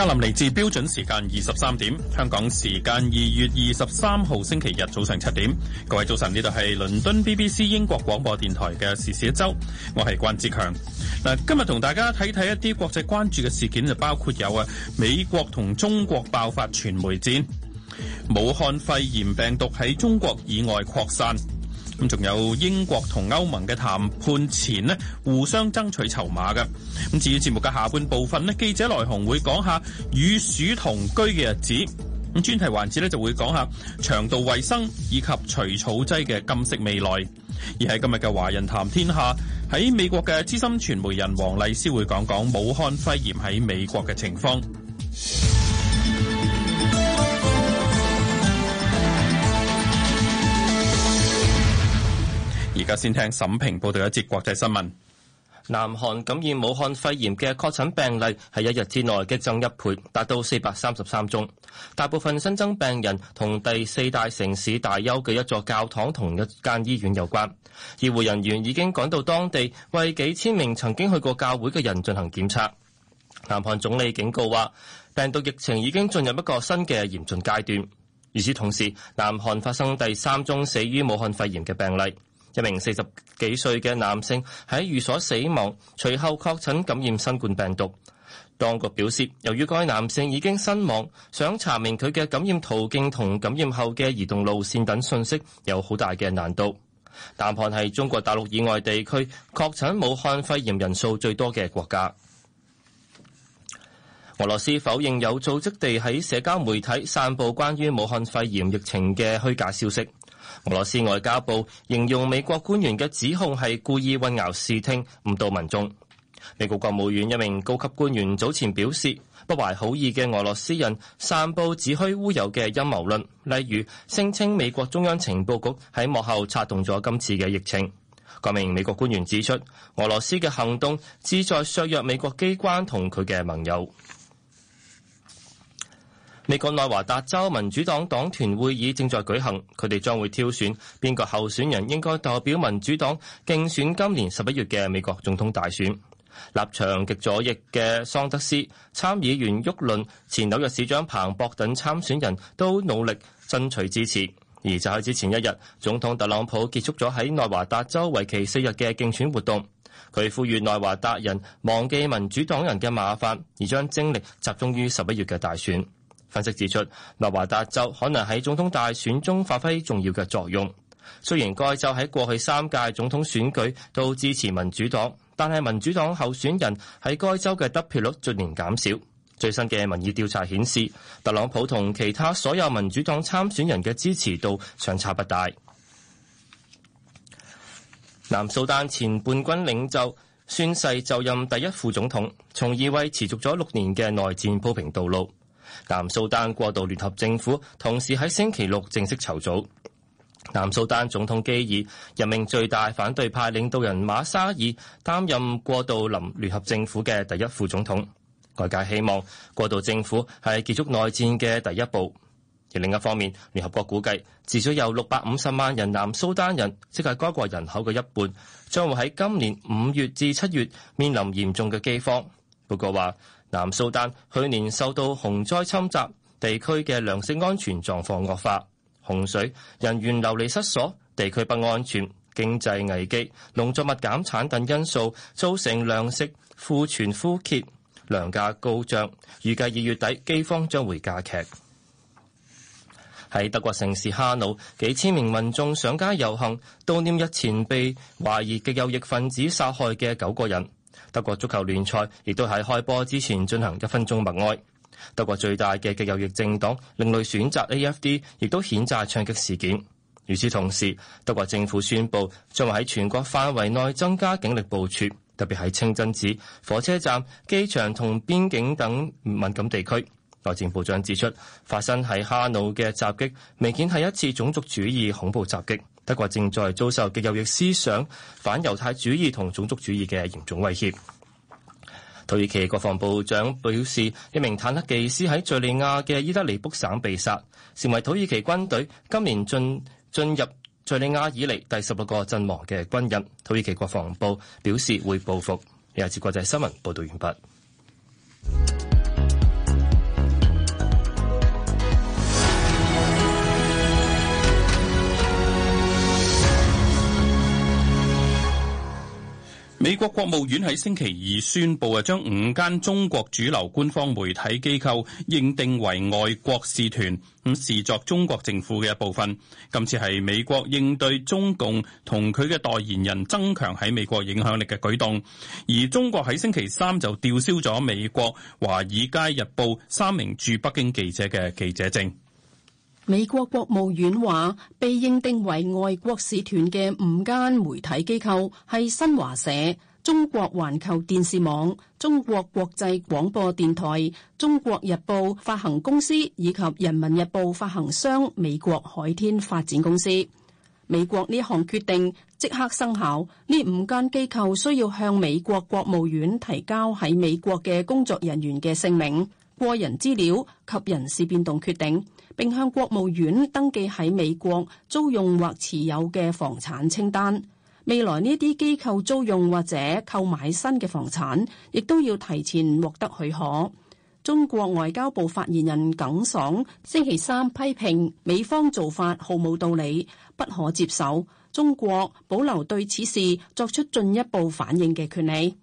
加林嚟自標準時間二十三點，香港時間二月二十三號星期日早上七點。各位早晨，呢度係倫敦 BBC 英國廣播電台嘅時事一周，我係關志強。嗱，今日同大家睇睇一啲國際關注嘅事件，就包括有啊，美國同中國爆發傳媒戰，武漢肺炎病毒喺中國以外擴散。咁仲有英國同歐盟嘅談判前呢，互相爭取籌碼嘅。至於節目嘅下半部分，記者來鴻會講下與鼠同居嘅日子。專題環節就會講下腸道衛生以及除草劑嘅今昔未來。而喺今日嘅華人談天下，喺美國嘅資深傳媒人王麗詩會講講武漢肺炎喺美國嘅情況。而家先聽沈平報道一節國際新聞。南韓感染武漢肺炎嘅確診病例喺一日之內激增一倍，達到四百三十三宗。大部分新增病人同第四大城市大邱嘅一座教堂同一間醫院有關。醫護人員已經趕到當地，為幾千名曾經去過教會嘅人進行檢測。南韓總理警告話，病毒疫情已經進入一個新嘅嚴峻階段。與此同時，南韓發生第三宗死於武漢肺炎嘅病例。一名四十幾歲嘅男性喺寓所死亡，隨後確診感染新冠病毒。當局表示，由於該男性已經身亡，想查明佢嘅感染途徑同感染後嘅移動路線等信息有好大嘅難度。南韓係中國大陸以外地區確診武漢肺炎人數最多嘅國家。俄羅斯否認有組織地喺社交媒體散布關於武漢肺炎疫情嘅虛假消息。俄羅斯外交部形容美國官員嘅指控係故意混淆視聽，誤導民眾。美國國務院一名高級官員早前表示，不懷好意嘅俄羅斯人散布子虛烏有嘅陰謀論，例如聲稱美國中央情報局喺幕後策動咗今次嘅疫情。該名美國官員指出，俄羅斯嘅行動旨在削弱美國機關同佢嘅盟友。美國內華達州民主黨黨團會議正在舉行，佢哋將會挑選邊個候選人應該代表民主黨競選今年十一月嘅美國總統大選。立場極左翼嘅桑德斯、參議員沃倫、前紐約市長彭博等參選人都努力爭取支持。而就喺之前一日，總統特朗普結束咗喺內華達州為期四日嘅競選活動，佢呼籲內華達人忘記民主黨人嘅麻煩，而將精力集中於十一月嘅大選。分析指出，內華達州可能喺總統大選中發揮重要嘅作用。雖然該州喺過去三屆總統選舉都支持民主黨，但係民主黨候選人喺該州嘅得票率逐年減少。最新嘅民意調查顯示，特朗普同其他所有民主黨參選人嘅支持度相差不大。南蘇丹前叛軍領袖宣誓就任第一副總統，從而為持續咗六年嘅內戰鋪平道路。南蘇丹過渡聯合政府同時喺星期六正式籌組。南蘇丹總統基爾任命最大反對派領導人馬沙爾擔任過渡臨聯合政府嘅第一副總統。外界希望過渡政府係結束內戰嘅第一步。而另一方面，聯合國估計至少有六百五十萬人南蘇丹人，即係該國人口嘅一半，將會喺今年五月至七月面臨嚴重嘅饑荒。報告話。南蘇丹去年受到洪災侵襲，地區嘅糧食安全狀況惡化，洪水、人員流離失所、地區不安全、經濟危機、農作物減產等因素造成糧食庫存枯竭，糧價高漲。預計二月底饑荒將會加劇。喺德國城市哈努，幾千名民眾上街遊行，悼念日前被懷疑嘅右翼分子殺害嘅九個人。德國足球聯賽亦都喺開波之前進行一分鐘默哀。德國最大嘅極右翼政黨另類選擇 AFD 亦都譴責槍擊事件。與此同時，德國政府宣布將會喺全國範圍內增加警力部署，特別係清真寺、火車站、機場同邊境等敏感地區。內政部長指出，發生喺哈努嘅襲擊明顯係一次種族主義恐怖襲擊。德國正在遭受極右翼思想、反猶太主義同種族主義嘅嚴重威脅。土耳其國防部長表示，一名坦克技師喺叙利亞嘅伊德利卜省被殺，成為土耳其軍隊今年進進入叙利亞以嚟第十六個陣亡嘅軍人。土耳其國防部表示會報復。以下節目就國際新聞報道完畢。美國國務院喺星期二宣佈，啊將五間中國主流官方媒體機構認定為外國使團，咁視作中國政府嘅一部分。今次係美國應對中共同佢嘅代言人增強喺美國影響力嘅舉動，而中國喺星期三就吊銷咗美國《華爾街日報》三名駐北京記者嘅記者證。美國國務院話，被認定為外國使團嘅五間媒體機構係新華社、中國環球電視網、中國國際廣播電台、中國日報發行公司以及人民日報發行商美國海天發展公司。美國呢項決定即刻生效，呢五間機構需要向美國國務院提交喺美國嘅工作人員嘅姓名、個人資料及人事變動決定。並向國務院登記喺美國租用或持有嘅房產清單。未來呢啲機構租用或者購買新嘅房產，亦都要提前獲得許可。中國外交部發言人耿爽星期三批評美方做法毫無道理，不可接受。中國保留對此事作出進一步反應嘅權利。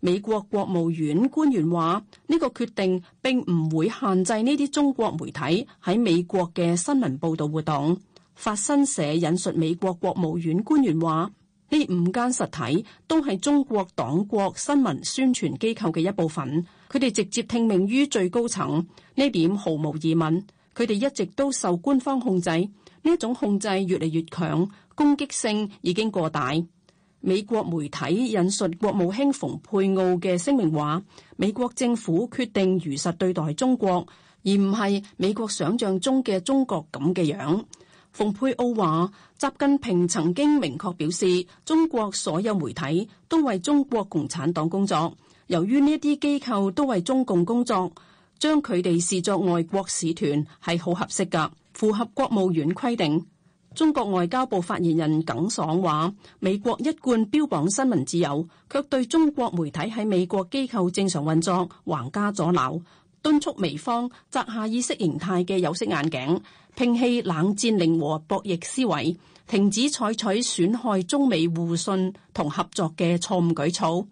美國國務院官員話：呢個決定並唔會限制呢啲中國媒體喺美國嘅新聞報道活動。法新社引述美國國務院官員話：呢五間實體都係中國黨國新聞宣傳機構嘅一部分，佢哋直接聽命於最高層，呢點毫無疑問。佢哋一直都受官方控制，呢一種控制越嚟越強，攻擊性已經過大。美國媒體引述國務卿蓬佩奧嘅聲明話：美國政府決定如實對待中國，而唔係美國想象中嘅中國咁嘅樣，樣。蓬佩奧話：習近平曾經明確表示，中國所有媒體都為中國共產黨工作。由於呢一啲機構都為中共工作，將佢哋視作外國使團係好合適嘅，符合國務院規定。中國外交部發言人耿爽話，美國一貫標榜新聞自由，卻對中國媒體喺美國機構正常運作橫加阻撓，敦促美方摘下意識形態嘅有色眼鏡，摒棄冷戰零和博弈思維，停止採取損害中美互信同合作嘅錯誤舉措。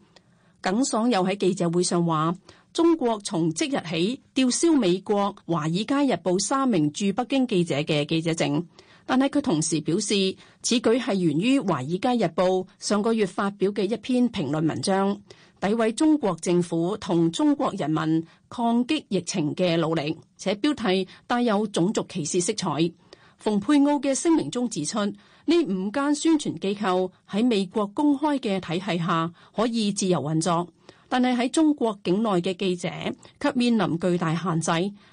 耿爽又喺記者會上話，中國從即日起吊銷美國《華爾街日報》三名駐北京記者嘅記者證。但係佢同時表示，此舉係源於《華爾街日報》上個月發表嘅一篇評論文章，詆毀中國政府同中國人民抗擊疫情嘅努力，且標題帶有種族歧視色彩。蓬佩奧嘅聲明中指出，呢五間宣傳機構喺美國公開嘅體系下可以自由運作。但係喺中國境內嘅記者，卻面臨巨大限制。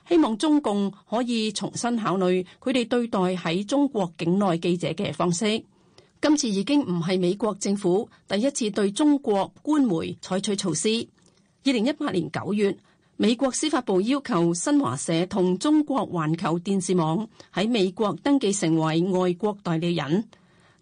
希望中共可以重新考慮佢哋對待喺中國境內記者嘅方式。今次已經唔係美國政府第一次對中國官媒採取措施。二零一八年九月，美國司法部要求新華社同中國環球電視網喺美國登記成為外國代理人。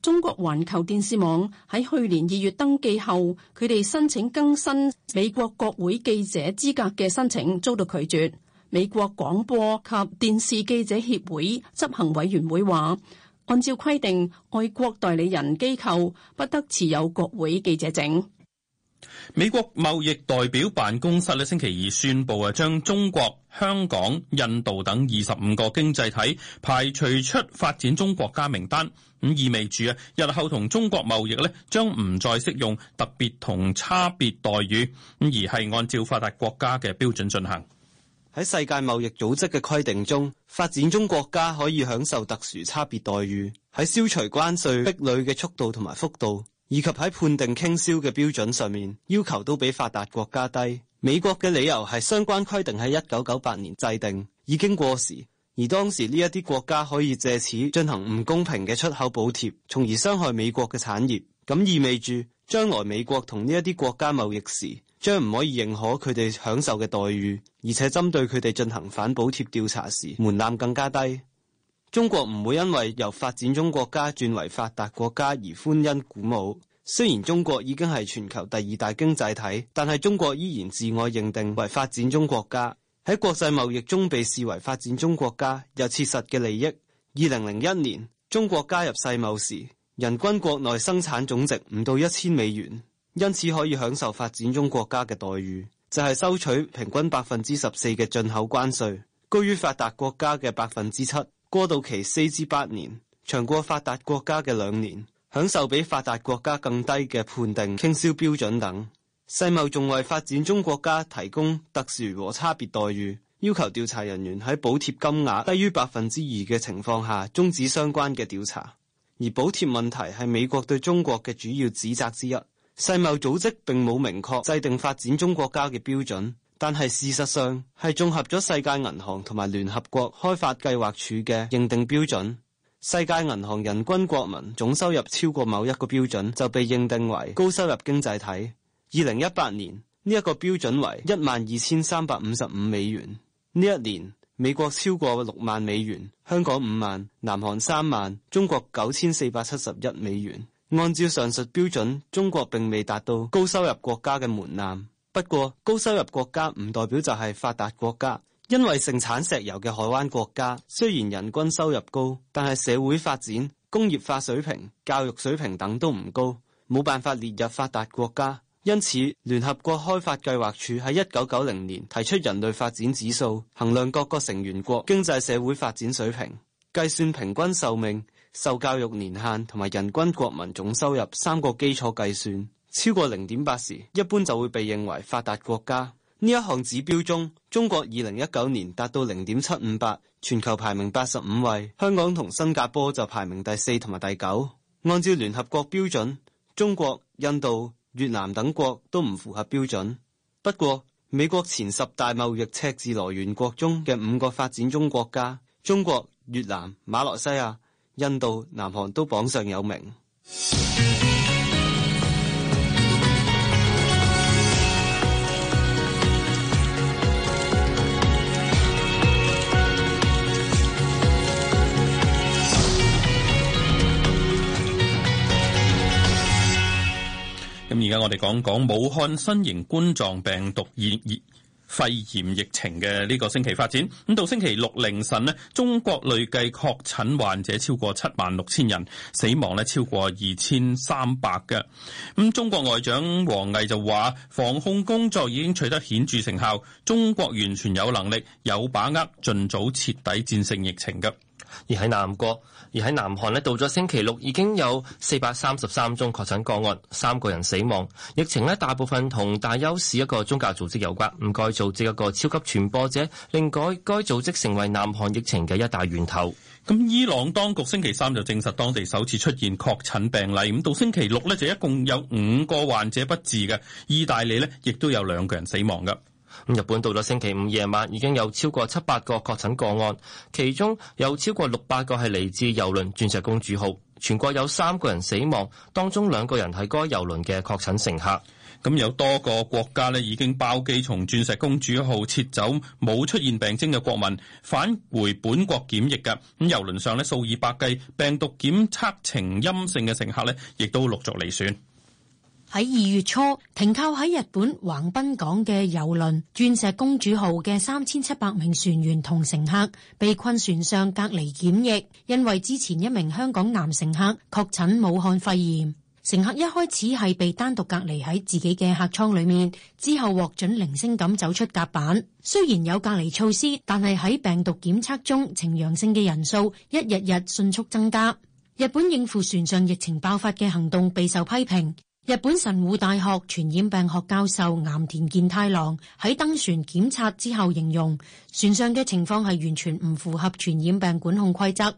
中國環球電視網喺去年二月登記後，佢哋申請更新美國國會記者資格嘅申請遭到拒絕。美國廣播及電視記者協會執行委員會話，按照規定，外國代理人機構不得持有國會記者證。美國貿易代表辦公室喺星期二宣布啊，將中國、香港、印度等二十五個經濟體排除出發展中國家名單。意味住啊，日後同中國貿易咧，將唔再適用特別同差別待遇，而係按照發達國家嘅標準進行。喺世界貿易組織嘅規定中，發展中國家可以享受特殊差別待遇，喺消除關稅壁壘嘅速度同埋幅度，以及喺判定傾銷嘅標準上面，要求都比發達國家低。美國嘅理由係相關規定喺一九九八年制定，已經過時。而當時呢一啲國家可以借此進行唔公平嘅出口補貼，從而傷害美國嘅產業。咁意味住將來美國同呢一啲國家貿易時，將唔可以認可佢哋享受嘅待遇，而且針對佢哋進行反補貼調查時，門檻更加低。中國唔會因為由發展中國家轉為發達國家而歡欣鼓舞。雖然中國已經係全球第二大經濟體，但係中國依然自我認定為發展中國家。喺國際貿易中被視為發展中國家有切實嘅利益。二零零一年中國加入世貿時，人均國內生產總值唔到一千美元，因此可以享受發展中國家嘅待遇，就係收取平均百分之十四嘅進口關稅，高於發達國家嘅百分之七，過渡期四至八年，長過發達國家嘅兩年，享受比發達國家更低嘅判定傾銷標準等。世貿仲為發展中國家提供特殊和差別待遇，要求調查人員喺補貼金額低於百分之二嘅情況下終止相關嘅調查。而補貼問題係美國對中國嘅主要指責之一。世貿組織並冇明確制定發展中國家嘅標準，但係事實上係綜合咗世界銀行同埋聯合國開發計劃署嘅認定標準。世界銀行人均國民總收入超過某一個標準就被認定為高收入經濟體。二零一八年呢一個標準為一萬二千三百五十五美元。呢一年美國超過六萬美元，香港五萬，南韓三萬，中國九千四百七十一美元。按照上述標準，中國並未達到高收入國家嘅門檻。不過高收入國家唔代表就係發達國家，因為盛產石油嘅海灣國家雖然人均收入高，但係社會發展、工業化水平、教育水平等都唔高，冇辦法列入發達國家。因此，聯合國開發計劃署喺一九九零年提出人類發展指數，衡量各個成員國經濟社會發展水平，計算平均壽命、受教育年限同埋人均國民總收入三個基礎計算。超過零點八時，一般就會被認為發達國家。呢一項指標中，中國二零一九年達到零點七五八，全球排名八十五位；香港同新加坡就排名第四同埋第九。按照聯合國標準，中國、印度。越南等國都唔符合標準，不過美國前十大貿易赤字來源國中嘅五個發展中國家，中國、越南、馬來西亞、印度、南韓都榜上有名。而家我哋講講武漢新型冠狀病毒疫疫肺炎疫情嘅呢個星期發展。咁到星期六凌晨咧，中國累計確診患者超過七萬六千人，死亡咧超過二千三百嘅。咁中國外長王毅就話，防控工作已經取得顯著成效，中國完全有能力、有把握盡早徹底戰勝疫情嘅。而喺南國。而喺南韓到咗星期六已經有四百三十三宗確診個案，三個人死亡。疫情大部分同大邱市一個宗教組織有關，唔該組織一個超級傳播者，令改該組織成為南韓疫情嘅一大源頭。咁伊朗當局星期三就證實當地首次出現確診病例，咁到星期六呢，就一共有五個患者不治嘅。意大利呢，亦都有兩個人死亡。日本到咗星期五夜晚已經有超過七百個確診個案，其中有超過六百個係嚟自郵輪《鑽石公主號》，全國有三個人死亡，當中兩個人係該郵輪嘅確診乘客。咁有多個國家呢，已經包機從《鑽石公主號》撤走冇出現病徵嘅國民返回本國檢疫嘅。咁郵輪上呢，數以百計病毒檢測呈陰性嘅乘客呢，亦都陸續離船。喺二月初停靠喺日本橫濱港嘅遊輪《鑽石公主號》嘅三千七百名船員同乘客被困船上隔離檢疫，因為之前一名香港男乘客確診武漢肺炎。乘客一開始係被單獨隔離喺自己嘅客艙裏面，之後獲准零星咁走出甲板。雖然有隔離措施，但係喺病毒檢測中呈陽性嘅人數一日日迅速增加。日本應付船上疫情爆發嘅行動備受批評。日本神戶大學傳染病學教授岩田健太郎喺登船檢查之後，形容船上嘅情況係完全唔符合傳染病管控規則。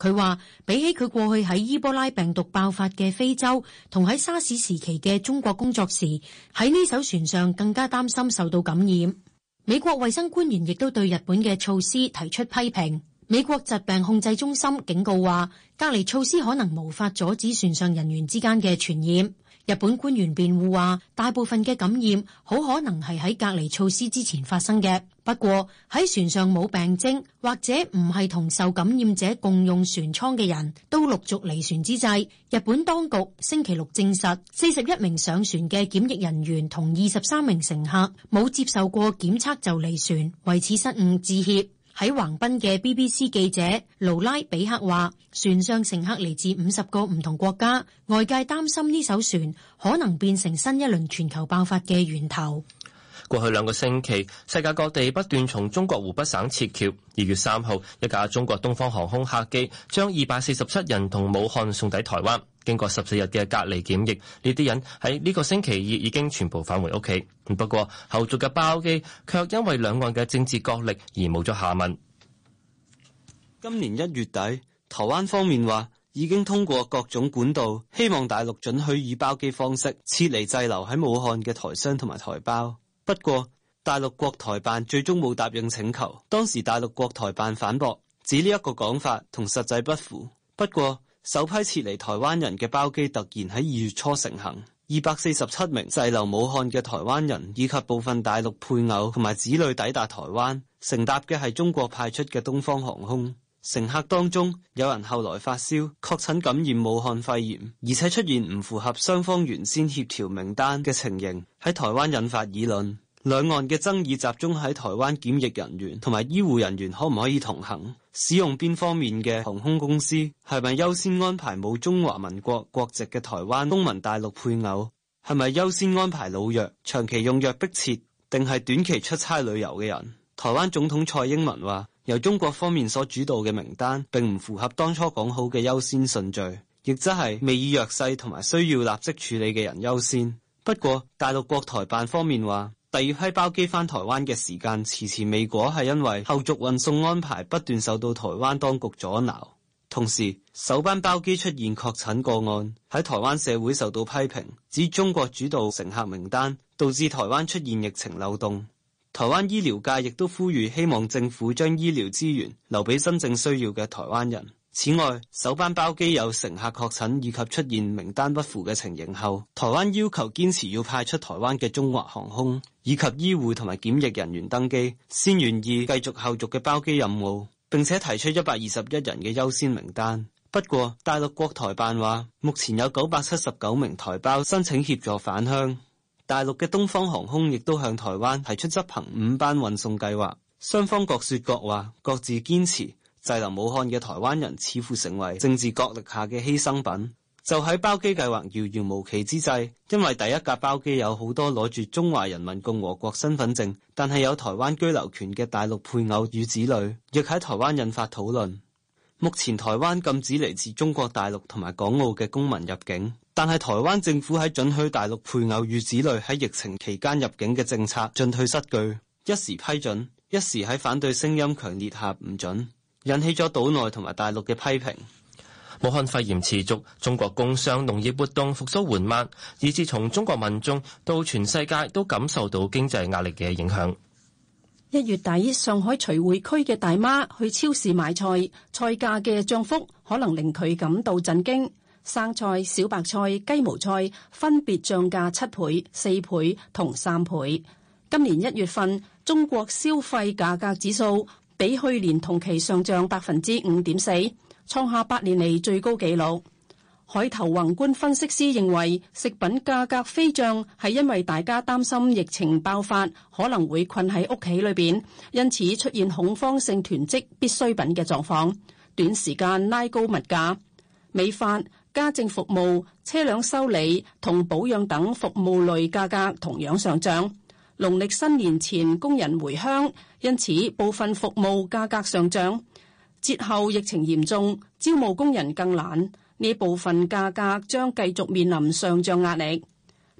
佢話：比起佢過去喺伊波拉病毒爆發嘅非洲同喺沙士時期嘅中國工作時，喺呢艘船上更加擔心受到感染。美國衛生官員亦都對日本嘅措施提出批評。美國疾病控制中心警告話，隔離措施可能無法阻止船上人員之間嘅傳染。日本官員辯護話，大部分嘅感染好可能係喺隔離措施之前發生嘅。不過，喺船上冇病徵，或者唔係同受感染者共用船艙嘅人都陸續離船之際，日本當局星期六證實，四十一名上船嘅檢疫人員同二十三名乘客冇接受過檢測就離船，為此失誤致歉。喺橫濱嘅 BBC 記者盧拉比克話，船上乘客嚟自五十個唔同國家，外界擔心呢艘船可能變成新一輪全球爆發嘅源頭。過去兩個星期，世界各地不斷從中國湖北省撤僑。二月三號，一架中國東方航空客機將二百四十七人同武漢送抵台灣。經過十四日嘅隔離檢疫，呢啲人喺呢個星期二已經全部返回屋企。不過後續嘅包機卻因為兩岸嘅政治角力而冇咗下文。今年一月底，台灣方面話已經通過各種管道，希望大陸準許以包機方式撤離滯留喺武漢嘅台商同埋台胞。不過大陸國台辦最終冇答應請求。當時大陸國台辦反駁，指呢一個講法同實際不符。不過，首批撤離台灣人嘅包機突然喺二月初成行，二百四十七名滯留武漢嘅台灣人以及部分大陸配偶同埋子女抵達台灣，乘搭嘅係中國派出嘅東方航空。乘客當中有人後來發燒確診感染武漢肺炎，而且出現唔符合雙方原先協調名單嘅情形，喺台灣引發議論。兩岸嘅爭議集中喺台灣檢疫人員同埋醫護人員可唔可以同行，使用邊方面嘅航空公司係咪優先安排冇中華民國國籍嘅台灣公民大陸配偶？係咪優先安排老弱、長期用藥迫切定係短期出差旅遊嘅人？台灣總統蔡英文話：由中國方面所主導嘅名單，並唔符合當初講好嘅優先順序，亦即係未以弱勢同埋需要立即處理嘅人優先。不過，大陸國台辦方面話。第二批包機返台灣嘅時間，遲遲未果，係因為後續運送安排不斷受到台灣當局阻撓，同時首班包機出現確診個案，喺台灣社會受到批評，指中國主導乘客名單，導致台灣出現疫情漏洞。台灣醫療界亦都呼籲，希望政府將醫療資源留俾真正需要嘅台灣人。此外，首班包機有乘客確診以及出現名單不符嘅情形後，台灣要求堅持要派出台灣嘅中華航空以及醫護同埋檢疫人員登機，先願意繼續後續嘅包機任務，並且提出一百二十一人嘅優先名單。不過，大陸國台辦話，目前有九百七十九名台胞申請協助返鄉。大陸嘅東方航空亦都向台灣提出執行五班運送計劃，雙方各說各話，各自堅持。滯留武漢嘅台灣人似乎成為政治角力下嘅犧牲品。就喺包機計劃遙遙無期之際，因為第一架包機有好多攞住中華人民共和國身份證，但係有台灣居留權嘅大陸配偶與子女，亦喺台灣引發討論。目前台灣禁止嚟自中國大陸同埋港澳嘅公民入境，但係台灣政府喺准許大陸配偶與子女喺疫情期間入境嘅政策進退失據，一時批准，一時喺反對聲音強烈下唔准。引起咗島內同埋大陸嘅批評。武漢肺炎持續，中國工商農業活動復甦緩慢，以致從中國民眾到全世界都感受到經濟壓力嘅影響。一月底，上海徐匯區嘅大媽去超市買菜，菜價嘅漲幅可能令佢感到震驚。生菜、小白菜、雞毛菜分別漲價七倍、四倍同三倍。今年一月份，中國消費價格指數。比去年同期上漲百分之五點四，創下八年嚟最高紀錄。海頭宏觀分析師認為，食品價格飛漲係因為大家擔心疫情爆發可能會困喺屋企裏邊，因此出現恐慌性囤積必需品嘅狀況，短時間拉高物價。美髮、家政服務、車輛修理同保養等服務類價格同樣上漲。農曆新年前工人回鄉，因此部分服務價格上漲。節後疫情嚴重，招募工人更難，呢部分價格將繼續面臨上漲壓力。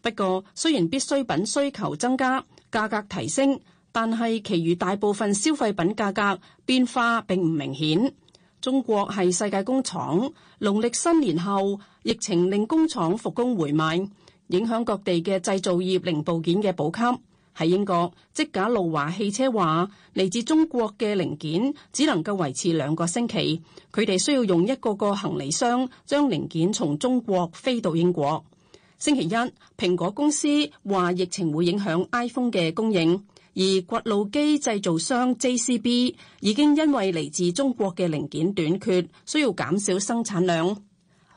不過，雖然必需品需求增加，價格提升，但係其餘大部分消費品價格變化並唔明顯。中國係世界工廠，農曆新年後疫情令工廠復工回滿，影響各地嘅製造業零部件嘅補給。喺英國，積架路華汽車話嚟自中國嘅零件只能夠維持兩個星期，佢哋需要用一個個行李箱將零件從中國飛到英國。星期一，蘋果公司話疫情會影響 iPhone 嘅供應，而掘路機製造商 JCB 已經因為嚟自中國嘅零件短缺，需要減少生產量。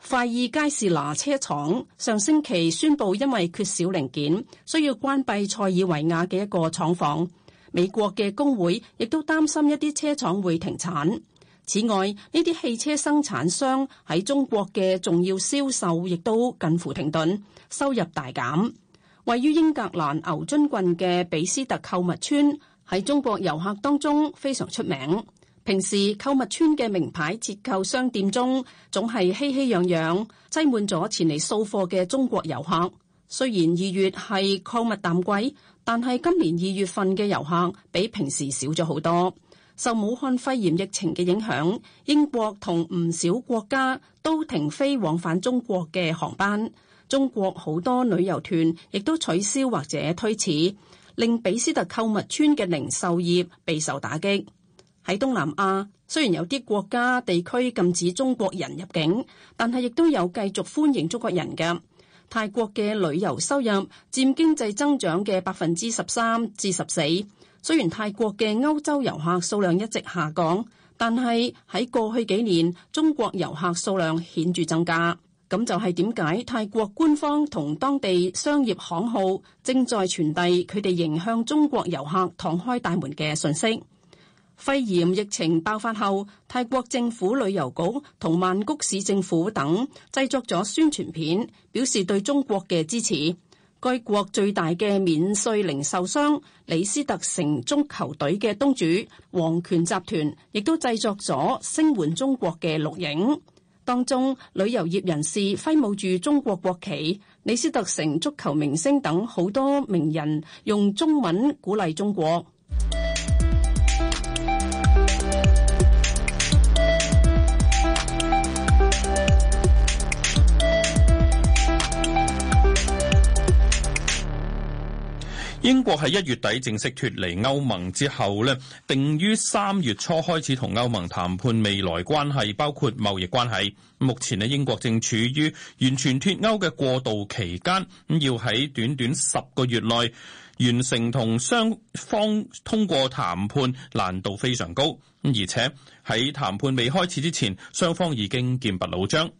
快意佳士拿車廠上星期宣布，因為缺少零件，需要關閉塞爾維亞嘅一個廠房。美國嘅工會亦都擔心一啲車廠會停產。此外，呢啲汽車生產商喺中國嘅重要銷售亦都近乎停頓，收入大減。位於英格蘭牛津郡嘅比斯特購物村喺中國遊客當中非常出名。平時購物村嘅名牌折扣商店中，總係熙熙攘攘，擠滿咗前嚟掃貨嘅中國遊客。雖然二月係購物淡季，但係今年二月份嘅遊客比平時少咗好多。受武漢肺炎疫情嘅影響，英國同唔少國家都停飛往返中國嘅航班。中國好多旅遊團亦都取消或者推遲，令比斯特購物村嘅零售業備受打擊。喺東南亞，雖然有啲國家地區禁止中國人入境，但係亦都有繼續歡迎中國人嘅。泰國嘅旅遊收入佔經濟增長嘅百分之十三至十四。雖然泰國嘅歐洲遊客數量一直下降，但係喺過去幾年，中國遊客數量顯著增加。咁就係點解泰國官方同當地商業行號正在傳遞佢哋迎向中國遊客敞開大門嘅信息。肺炎疫情爆發後，泰國政府旅遊局同曼谷市政府等製作咗宣傳片，表示對中國嘅支持。該國最大嘅免稅零售商李斯特城足球隊嘅東主皇權集團亦都製作咗聲援中國嘅錄影，當中旅遊業人士揮舞住中國國旗，李斯特城足球明星等好多名人用中文鼓勵中國。英國喺一月底正式脫離歐盟之後咧，定於三月初開始同歐盟談判未來關係，包括貿易關係。目前呢，英國正處於完全脫歐嘅過渡期間，咁要喺短短十個月內完成同雙方通過談判，難度非常高。而且喺談判未開始之前，雙方已經劍拔弩張。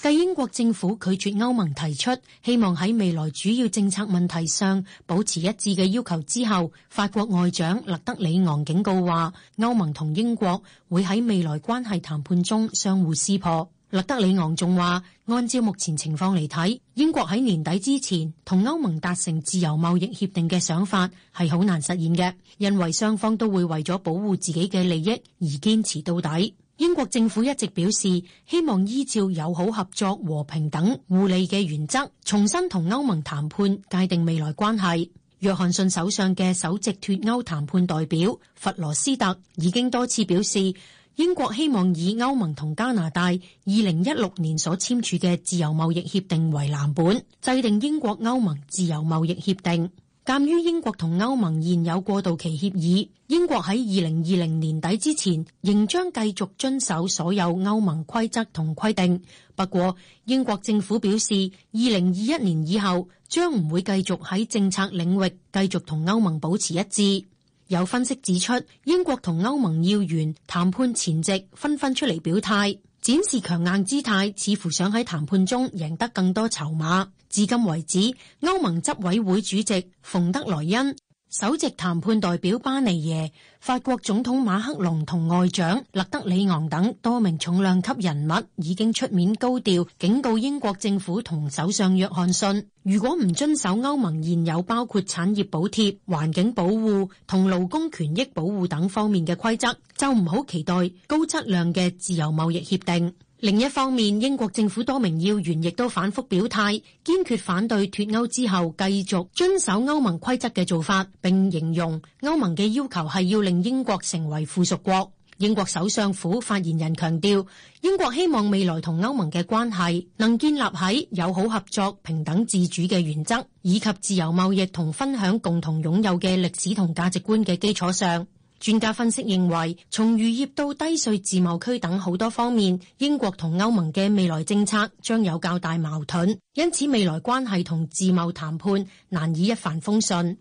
繼英國政府拒絕歐盟提出希望喺未來主要政策問題上保持一致嘅要求之後，法國外長勒德里昂警告話，歐盟同英國會喺未來關係談判中相互撕破。勒德里昂仲話，按照目前情況嚟睇，英國喺年底之前同歐盟達成自由貿易協定嘅想法係好難實現嘅，因為雙方都會為咗保護自己嘅利益而堅持到底。英國政府一直表示，希望依照友好合作、和平等、互利嘅原則，重新同歐盟談判界定未來關係。約翰遜首相嘅首席脫歐談判代表弗羅斯特已經多次表示，英國希望以歐盟同加拿大二零一六年所簽署嘅自由貿易協定為藍本，制定英國歐盟自由貿易協定。鑒於英國同歐盟現有過渡期協議，英國喺二零二零年底之前仍將繼續遵守所有歐盟規則同規定。不過，英國政府表示，二零二一年以後將唔會繼續喺政策領域繼續同歐盟保持一致。有分析指出，英國同歐盟要員談判前夕紛紛出嚟表態，展示強硬姿態，似乎想喺談判中贏得更多籌碼。至今為止，歐盟執委會主席馮德萊恩、首席談判代表巴尼耶、法國總統馬克龍同外長勒德里昂等多名重量級人物已經出面高調警告英國政府同首相約翰遜：如果唔遵守歐盟現有包括產業補貼、環境保護同勞工權益保護等方面嘅規則，就唔好期待高質量嘅自由貿易協定。另一方面，英國政府多名要員亦都反覆表態，堅決反對脱歐之後繼續遵守歐盟規則嘅做法，並形容歐盟嘅要求係要令英國成為附屬國。英國首相府發言人強調，英國希望未來同歐盟嘅關係能建立喺友好合作、平等自主嘅原則，以及自由貿易同分享共同擁有嘅歷史同價值觀嘅基礎上。專家分析認為，從漁業到低稅自貿區等好多方面，英國同歐盟嘅未來政策將有較大矛盾，因此未來關係同自貿談判難以一帆風順。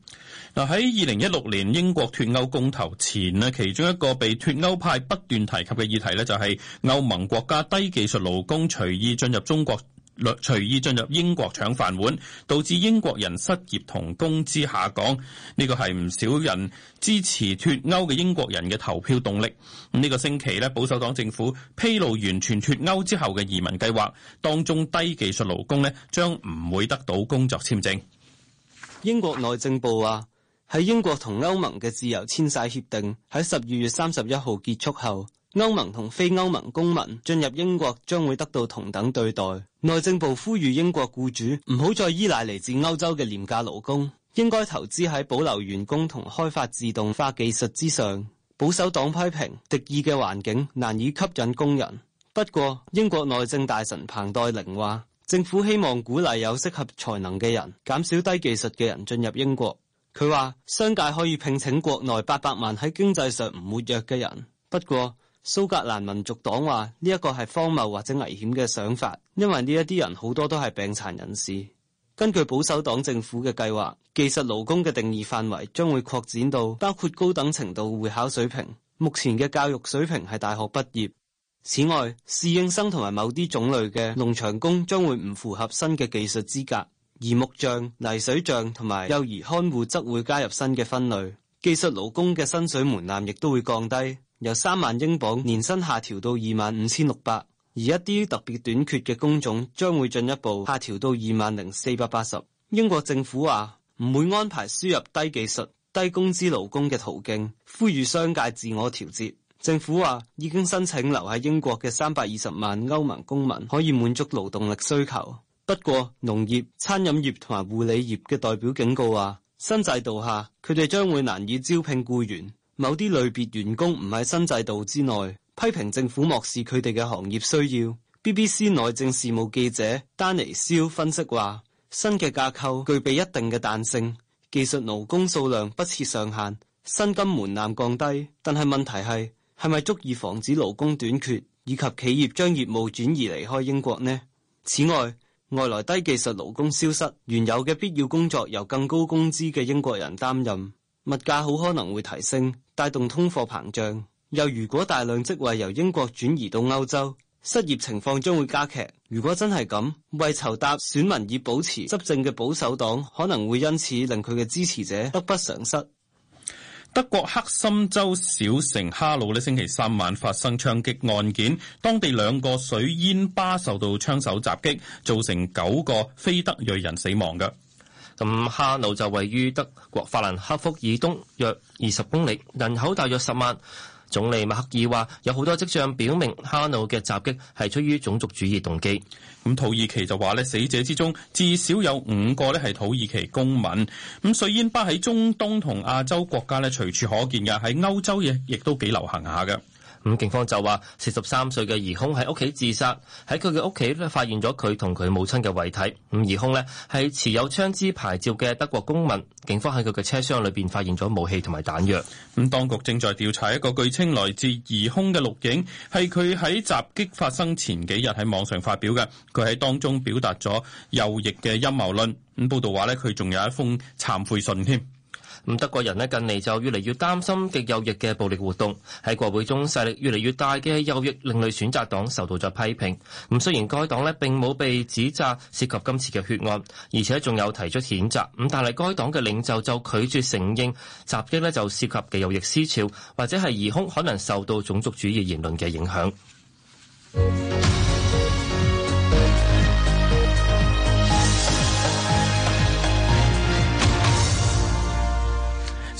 嗱喺二零一六年英國脱歐公投前呢，其中一個被脱歐派不斷提及嘅議題呢，就係歐盟國家低技術勞工隨意進入中國。律隨意進入英國搶飯碗，導致英國人失業同工資下降，呢個係唔少人支持脱歐嘅英國人嘅投票動力。呢個星期咧，保守黨政府披露完全脱歐之後嘅移民計劃，當中低技術勞工咧將唔會得到工作簽證。英國內政部話，喺英國同歐盟嘅自由遷徙協定喺十二月三十一號結束後，歐盟同非歐盟公民進入英國將會得到同等對待。內政部呼籲英國雇主唔好再依賴嚟自歐洲嘅廉價勞工，應該投資喺保留員工同開發自動化技術之上。保守黨批評敵意嘅環境難以吸引工人。不過，英國內政大臣彭黛玲話，政府希望鼓勵有適合才能嘅人，減少低技術嘅人進入英國。佢話商界可以聘請國內八百萬喺經濟上唔活躍嘅人。不過，蘇格蘭民族黨話呢一個係荒謬或者危險嘅想法，因為呢一啲人好多都係病殘人士。根據保守黨政府嘅計劃，技術勞工嘅定義範圍將會擴展到包括高等程度會考水平。目前嘅教育水平係大學畢業。此外，侍應生同埋某啲種類嘅農場工將會唔符合新嘅技術資格，而木匠、泥水匠同埋幼兒看護則會加入新嘅分類。技術勞工嘅薪水門檻亦都會降低。由三萬英鎊年薪下調到二萬五千六百，而一啲特別短缺嘅工種將會進一步下調到二萬零四百八十。英國政府話唔會安排輸入低技術、低工資勞工嘅途徑，呼籲商界自我調節。政府話已經申請留喺英國嘅三百二十萬歐盟公民可以滿足勞動力需求。不過，農業、餐飲業同埋護理業嘅代表警告話，新制度下，佢哋將會難以招聘僱員。某啲類別員工唔喺新制度之內，批評政府漠視佢哋嘅行業需要。BBC 內政事務記者丹尼肖分析話，新嘅架構具備一定嘅彈性，技術勞工數量不設上限，薪金門檻降低。但係問題係，係咪足以防止勞工短缺以及企業將業務轉移離開英國呢？此外，外來低技術勞工消失，原有嘅必要工作由更高工資嘅英國人擔任。物價好可能會提升，帶動通貨膨脹。又如果大量職位由英國轉移到歐洲，失業情況將會加劇。如果真係咁，為求答選民以保持執政嘅保守黨，可能會因此令佢嘅支持者得不償失。德國黑森州小城哈魯呢星期三晚發生槍擊案件，當地兩個水煙吧受到槍手襲擊，造成九個非德裔人死亡嘅。咁哈努就位於德國法蘭克福以東約二十公里，人口大約十萬。總理默克爾話：有好多跡象表明哈努嘅襲擊係出於種族主義動機。咁土耳其就話咧，死者之中至少有五個咧係土耳其公民。咁水煙巴喺中東同亞洲國家咧隨處可見嘅，喺歐洲嘢亦都幾流行下㗎。咁警方就話，四十三歲嘅疑凶喺屋企自殺，喺佢嘅屋企咧發現咗佢同佢母親嘅遺體。咁疑凶呢係持有槍支牌照嘅德國公民，警方喺佢嘅車廂裏邊發現咗武器同埋彈藥。咁當局正在調查一個據稱來自疑凶嘅錄影，係佢喺襲擊發生前幾日喺網上發表嘅，佢喺當中表達咗右翼嘅陰謀論。咁報道話呢，佢仲有一封懺悔信添。咁德國人呢近嚟就越嚟越擔心極右翼嘅暴力活動。喺國會中勢力越嚟越大嘅右翼另類選擇黨受到咗批評。咁雖然該黨呢並冇被指責涉及今次嘅血案，而且仲有提出譴責。咁但係該黨嘅領袖就拒絕承認襲擊呢就涉及極右翼思潮，或者係疑兇可能受到種族主義言論嘅影響。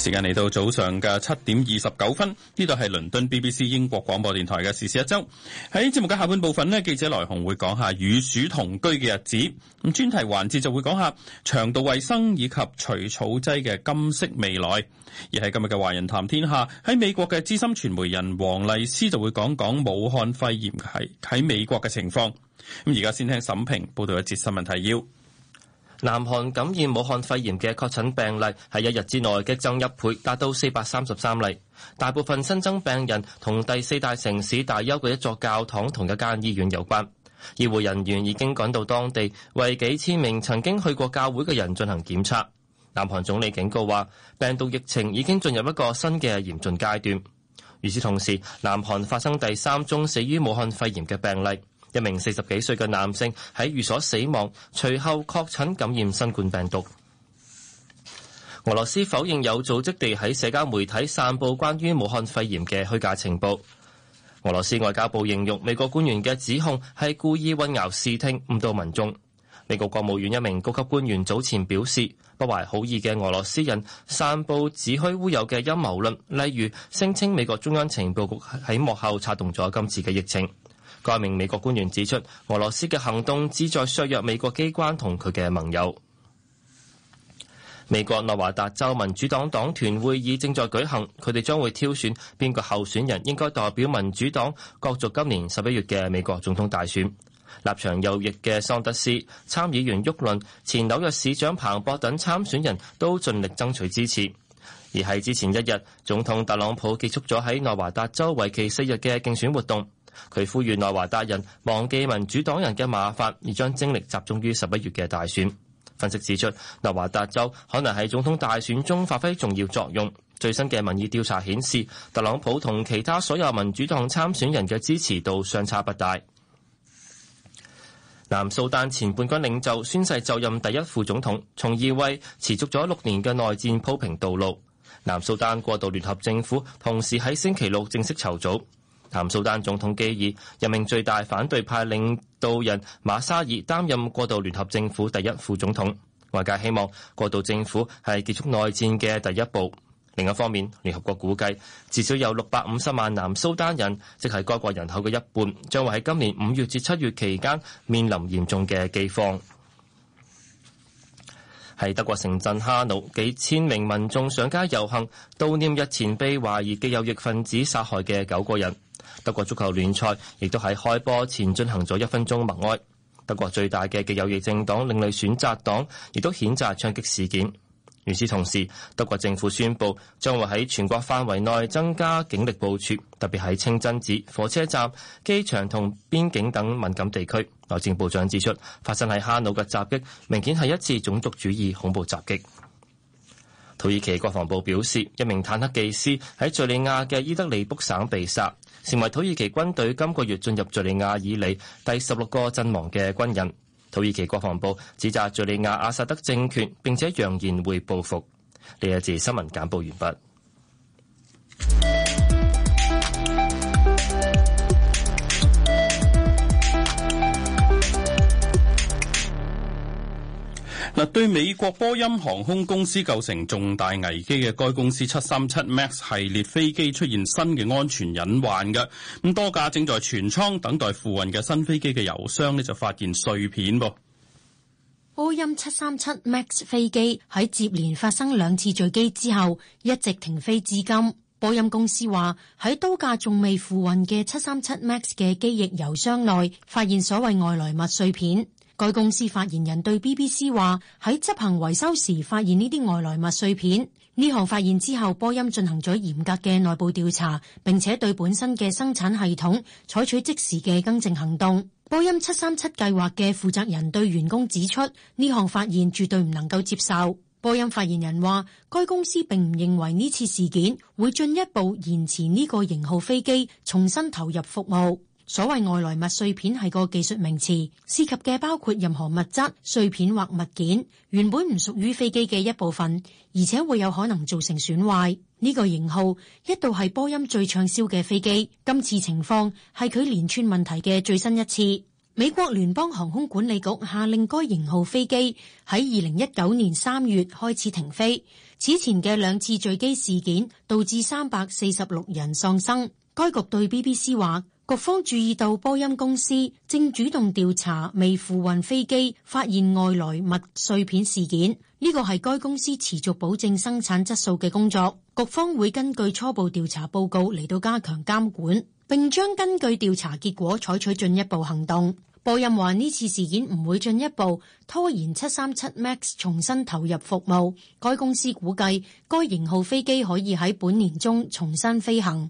時間嚟到早上嘅七點二十九分，呢度係倫敦 BBC 英國廣播電台嘅時事一周。喺節目嘅下半部分呢，記者來紅會講下與鼠同居嘅日子。咁專題環節就會講下腸道衛生以及除草劑嘅今昔未來。而喺今日嘅華人談天下，喺美國嘅資深傳媒人黃麗斯就會講講武漢肺炎係喺美國嘅情況。咁而家先聽審評報道一節新聞提要。南韓感染武漢肺炎嘅確診病例係一日之內激增一倍，達到四百三十三例。大部分新增病人同第四大城市大邱嘅一座教堂同一間醫院有關。醫護人員已經趕到當地，為幾千名曾經去過教會嘅人進行檢測。南韓總理警告話，病毒疫情已經進入一個新嘅嚴峻階段。與此同時，南韓發生第三宗死於武漢肺炎嘅病例。一名四十幾歲嘅男性喺寓所死亡，隨後確診感染新冠病毒。俄羅斯否認有組織地喺社交媒體散布關於武漢肺炎嘅虛假情報。俄羅斯外交部形容美國官員嘅指控係故意混淆視聽，誤導民眾。美國國務院一名高級官員早前表示，不懷好意嘅俄羅斯人散布子虛烏有嘅陰謀論，例如聲稱美國中央情報局喺幕後策動咗今次嘅疫情。多名美國官員指出，俄羅斯嘅行動旨在削弱美國機關同佢嘅盟友。美國內華達州民主黨黨團會議正在舉行，佢哋將會挑選邊個候選人應該代表民主黨角逐今年十一月嘅美國總統大選。立場右翼嘅桑德斯、參議員沃倫、前紐約市長彭博等參選人都盡力爭取支持。而喺之前一日，總統特朗普結束咗喺內華達州為期四日嘅競選活動。佢呼籲內華達人忘記民主黨人嘅馬法，而將精力集中於十一月嘅大選。分析指出，內華達州可能喺總統大選中發揮重要作用。最新嘅民意調查顯示，特朗普同其他所有民主黨參選人嘅支持度相差不大。南蘇丹前半軍領袖宣誓就任第一副總統，從而為持續咗六年嘅內戰鋪平道路。南蘇丹過渡聯合政府同時喺星期六正式籌組。南蘇丹總統基爾任命最大反對派領導人馬沙爾擔任過渡聯合政府第一副總統。外界希望過渡政府係結束內戰嘅第一步。另一方面，聯合國估計至少有六百五十萬南蘇丹人，即係該國人口嘅一半，將會喺今年五月至七月期間面臨嚴重嘅饑荒。喺德國城鎮哈努，幾千名民眾上街遊行，悼念日前被懷疑嘅右翼分子殺害嘅九個人。德國足球聯賽亦都喺開波前進行咗一分鐘默哀。德國最大嘅嘅右翼政黨另類選擇黨亦都譴責槍擊事件。與此同時，德國政府宣布將會喺全國範圍內增加警力部署，特別喺清真寺、火車站、機場同邊境等敏感地區。內政部長指出，發生喺哈努嘅襲擊明顯係一次種族主義恐怖襲擊。土耳其國防部表示，一名坦克技師喺敘利亞嘅伊德利卜省被殺。成為土耳其軍隊今個月進入敘利亞以里第十六個陣亡嘅軍人。土耳其國防部指責敘利亞阿薩德政權，並且揚言會報復。呢一節新聞簡報完畢。對美國波音航空公司構成重大危機嘅，該公司七三七 MAX 系列飛機出現新嘅安全隱患嘅，咁多架正在全倉等待付運嘅新飛機嘅油箱呢就發現碎片。波音七三七 MAX 飛機喺接連發生兩次墜機之後，一直停飛至今。波音公司話喺多架仲未付運嘅七三七 MAX 嘅機翼油箱內，發現所謂外來物碎片。該公司發言人對 BBC 話，喺執行維修時發現呢啲外來物碎片。呢項發現之後，波音進行咗嚴格嘅內部調查，並且對本身嘅生產系統採取即時嘅更正行動。波音七三七計劃嘅負責人對員工指出，呢項發現絕對唔能夠接受。波音發言人話，該公司並唔認為呢次事件會進一步延遲呢個型號飛機重新投入服務。所謂外來物碎片係個技術名詞，涉及嘅包括任何物質、碎片或物件，原本唔屬於飛機嘅一部分，而且會有可能造成損壞。呢、這個型號一度係波音最暢銷嘅飛機，今次情況係佢連串問題嘅最新一次。美國聯邦航空管理局下令該型號飛機喺二零一九年三月開始停飛。此前嘅兩次墜機事件導致三百四十六人喪生。該局對 BBC 話。局方注意到波音公司正主動調查未付運飛機發現外來物碎片事件，呢個係該公司持續保證生產質素嘅工作。局方會根據初步調查報告嚟到加強監管，並將根據調查結果採取進一步行動。波音話呢次事件唔會進一步拖延七三七 MAX 重新投入服務。該公司估計該型號飛機可以喺本年中重新飛行。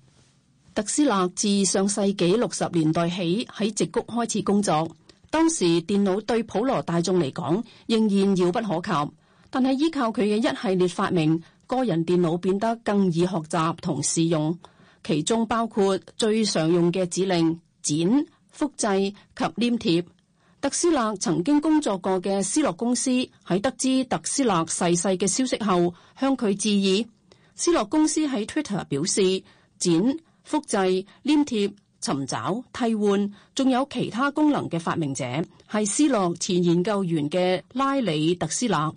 特斯勒自上世紀六十年代起喺矽谷開始工作。當時電腦對普羅大眾嚟講仍然遙不可及，但係依靠佢嘅一系列發明，個人電腦變得更易學習同使用。其中包括最常用嘅指令剪、複製及粘貼。特斯勒曾經工作過嘅斯洛公司喺得知特斯勒逝世嘅消息後向佢致意。斯洛公司喺 Twitter 表示剪。.複製、黏貼、尋找、替換，仲有其他功能嘅發明者，係斯洛前研究員嘅拉里·特斯拉。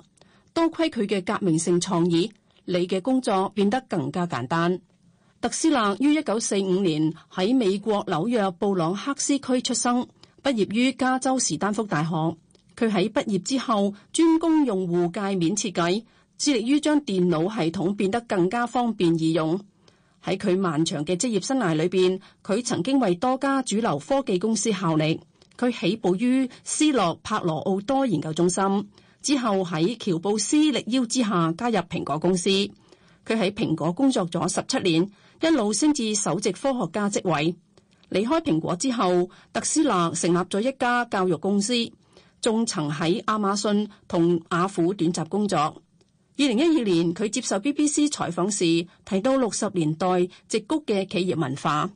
多虧佢嘅革命性創意，你嘅工作變得更加簡單。特斯拉於一九四五年喺美國紐約布朗克斯區出生，畢業於加州士丹福大學。佢喺畢業之後專攻用戶界面設計，致力於將電腦系統變得更加方便易用。喺佢漫長嘅職業生涯裏邊，佢曾經為多家主流科技公司效力。佢起步於斯洛帕羅奧多研究中心，之後喺喬布斯力邀之下加入蘋果公司。佢喺蘋果工作咗十七年，一路升至首席科學家職位。離開蘋果之後，特斯勒成立咗一家教育公司，仲曾喺亞馬遜同雅虎短暫工作。二零一二年，佢接受 BBC 採訪時提到六十年代矽谷嘅企業文化。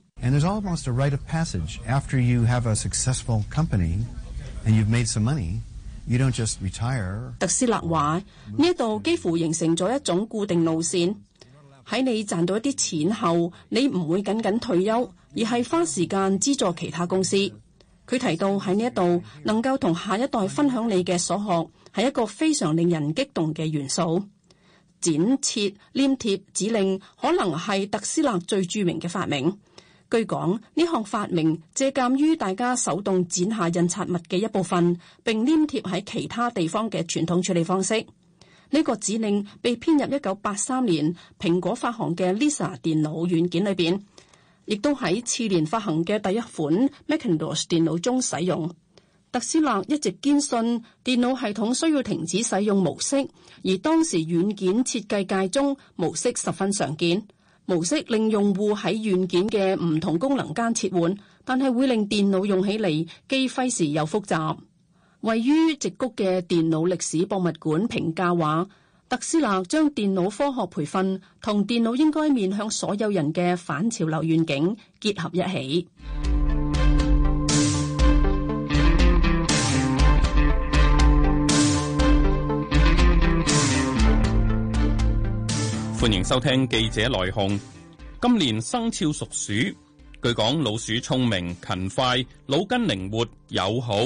特斯拉話，呢一度幾乎形成咗一種固定路線，喺你賺到一啲錢後，你唔會僅僅退休，而係花時間資助其他公司。佢提到喺呢一度能夠同下一代分享你嘅所學，係一個非常令人激動嘅元素，剪切黏貼指令可能係特斯拉最著名嘅發明。據講呢項發明借鑒於大家手動剪下印刷物嘅一部分，並粘貼喺其他地方嘅傳統處理方式。呢、這個指令被編入1983年蘋果發行嘅 Lisa 電腦軟件裏面，亦都喺次年發行嘅第一款 Macintosh 電腦中使用。特斯勒一直堅信電腦系統需要停止使用模式，而當時軟件設計界中模式十分常見。模式令用戶喺軟件嘅唔同功能間切換，但係會令電腦用起嚟，既費時又複雜。位於矽谷嘅電腦歷史博物館評價話：特斯勒將電腦科學培訓同電腦應該面向所有人嘅反潮流願景結合一起。歡迎收聽記者來鴻。今年生肖屬鼠，據講老鼠聰明勤快，腦筋靈活友好。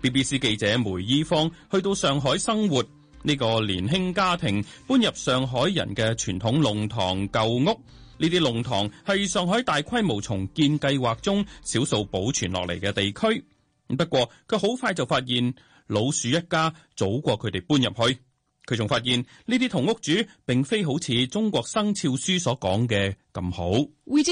BBC 記者梅依芳去到上海生活，呢、這個年輕家庭搬入上海人嘅傳統弄堂舊屋。呢啲弄堂係上海大規模重建計劃中少數保存落嚟嘅地區。不過佢好快就發現，老鼠一家早過佢哋搬入去。佢仲發現呢啲同屋主並非好似中國生肖書所講嘅咁好。We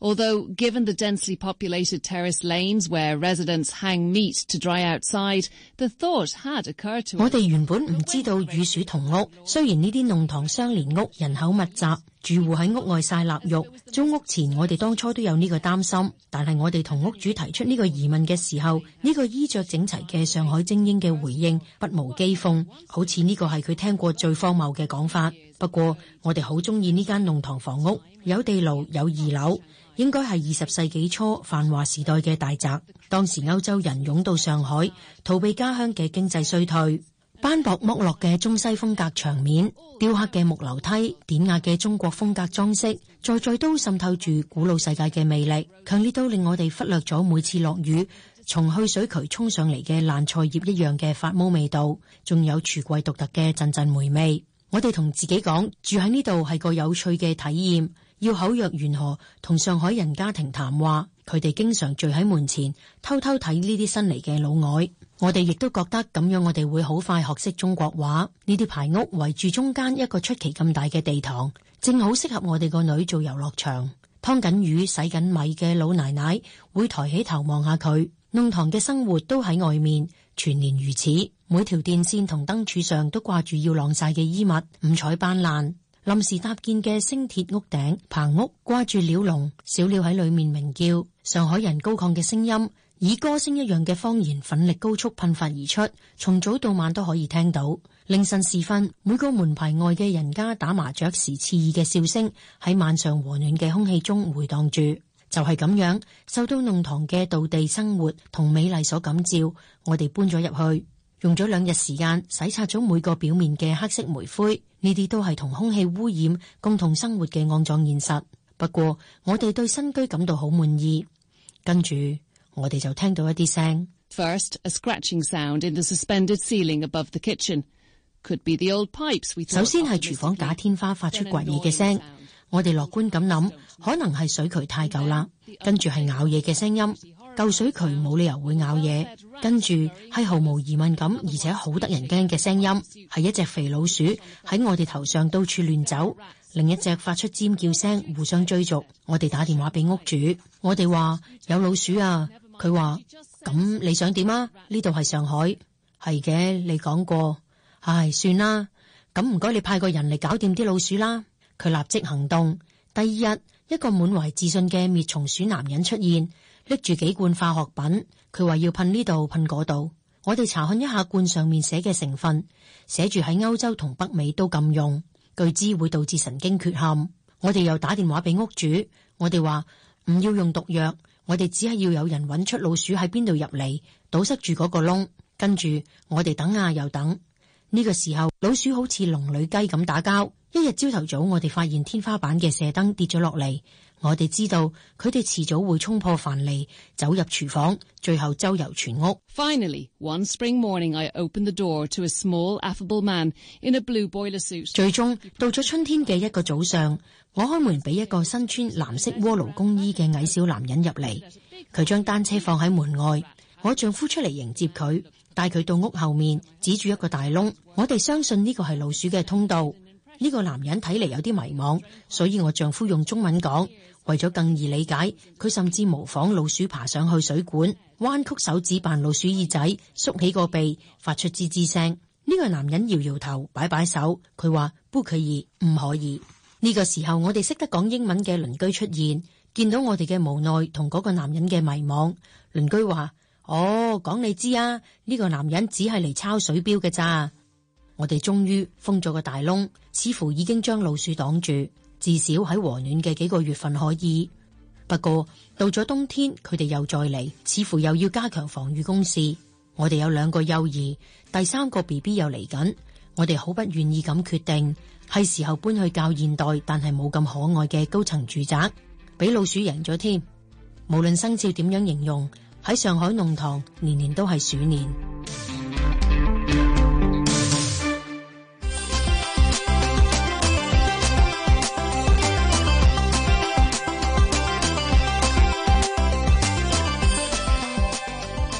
Although, given the densely populated terrace lanes where residents hang meat to dry outside, the thought had occurred to 我哋原本唔知道與鼠同屋。雖然呢啲弄堂相連屋人口密集，住戶喺屋外曬臘肉。租屋前我哋當初都有呢個擔心。但係我哋同屋主提出呢個疑問嘅時候，呢、這個衣着整齊嘅上海精英嘅回應不無譏諷，好似呢個係佢聽過最荒謬嘅講法。不過我哋好中意呢間弄堂房屋，有地牢，有二樓。應該係二十世紀初繁華時代嘅大宅。當時歐洲人湧到上海，逃避家鄉嘅經濟衰退。斑駁剝落嘅中西風格牆面，雕刻嘅木樓梯，典雅嘅中國風格裝飾，再再都滲透住古老世界嘅魅力。強烈到令我哋忽略咗每次落雨從去水渠沖上嚟嘅爛菜葉一樣嘅發毛味道，仲有櫥櫃獨特嘅陣陣霉味。我哋同自己講，住喺呢度係個有趣嘅體驗。要口若懸河同上海人家庭談話，佢哋經常聚喺門前偷偷睇呢啲新嚟嘅老外。我哋亦都覺得咁樣，我哋會好快學識中國話。呢啲排屋圍住中間一個出奇咁大嘅地堂，正好適合我哋個女做遊樂場。湯緊魚、洗緊米嘅老奶奶會抬起頭望下佢。弄堂嘅生活都喺外面，全年如此。每條電線同燈柱上都掛住要晾曬嘅衣物，五彩斑斕。臨時搭建嘅星鐵屋頂棚屋掛住鳥籠，小鳥喺裏面鳴叫。上海人高亢嘅聲音，以歌聲一樣嘅方言，奮力高速噴發而出，從早到晚都可以聽到。凌晨時分，每個門牌外嘅人家打麻雀時刺耳嘅笑聲，喺晚上和暖嘅空氣中回盪住。就係咁樣，受到弄堂嘅道地生活同美麗所感召，我哋搬咗入去。用咗兩日時間，洗刷咗每個表面嘅黑色煤灰，呢啲都係同空氣污染共同生活嘅骯髒現實。不過，我哋對新居感到好滿意。跟住，我哋就聽到一啲聲。First, a scratching sound in the suspended ceiling above the kitchen, could be the old pipes. 首先係廚房假天花發出怪異嘅聲，我哋樂觀咁諗，可能係水渠太舊啦。跟住係咬嘢嘅聲音。舊水渠冇理由會咬嘢，跟住係毫無疑問咁，而且好得人驚嘅聲音，係一隻肥老鼠喺我哋頭上到處亂走，另一隻發出尖叫聲，互相追逐。我哋打電話俾屋主，我哋話有老鼠啊！佢話，咁你想點啊？呢度係上海。係嘅，你講過。唉，算啦，咁唔該你派個人嚟搞掂啲老鼠啦。佢立即行動。第二日，一個滿懷自信嘅滅蟲鼠男人出現。拎住幾罐化學品，佢話要噴呢度噴嗰度。我哋查看一下罐上面寫嘅成分，寫住喺歐洲同北美都禁用，據知會導致神經缺陷。我哋又打電話俾屋主，我哋話唔要用毒藥，我哋只係要有人揾出老鼠喺邊度入嚟，堵塞住嗰個窿。跟住我哋等啊，又等呢個時候，老鼠好似龍女雞咁打交。一日朝頭早，我哋發現天花板嘅射燈跌咗落嚟。我哋知道佢哋遲早會衝破樊籬，走入廚房，最後周遊全屋。Finally, one spring morning, I opened the door to a small, affable man in a blue boiler suit. 最終到咗春天嘅一個早上，我開門俾一個身穿藍色鍋爐工衣嘅矮小男人入嚟。佢將單車放喺門外，我丈夫出嚟迎接佢，帶佢到屋後面指住一個大窿。我哋相信呢個係老鼠嘅通道。呢個男人睇嚟有啲迷惘，所以我丈夫用中文講，為咗更易理解，佢甚至模仿老鼠爬上去水管，彎曲手指扮老鼠耳仔，縮起個鼻，發出吱吱聲。呢個男人搖搖頭，擺擺手，佢話：不，佢而唔可以。呢個時候，我哋識得講英文嘅鄰居出現，見到我哋嘅無奈同嗰個男人嘅迷惘，鄰居話：哦，講你知啊，呢個男人只係嚟抄水表嘅咋。我哋終於封咗個大窿，似乎已經將老鼠擋住，至少喺和暖嘅幾個月份可以。不過到咗冬天，佢哋又再嚟，似乎又要加強防禦攻勢。我哋有兩個幼兒，第三個 BB 又嚟緊，我哋好不願意咁決定，係時候搬去較現代但係冇咁可愛嘅高層住宅，俾老鼠贏咗添。無論生肖點樣形容，喺上海弄堂年年都係鼠年。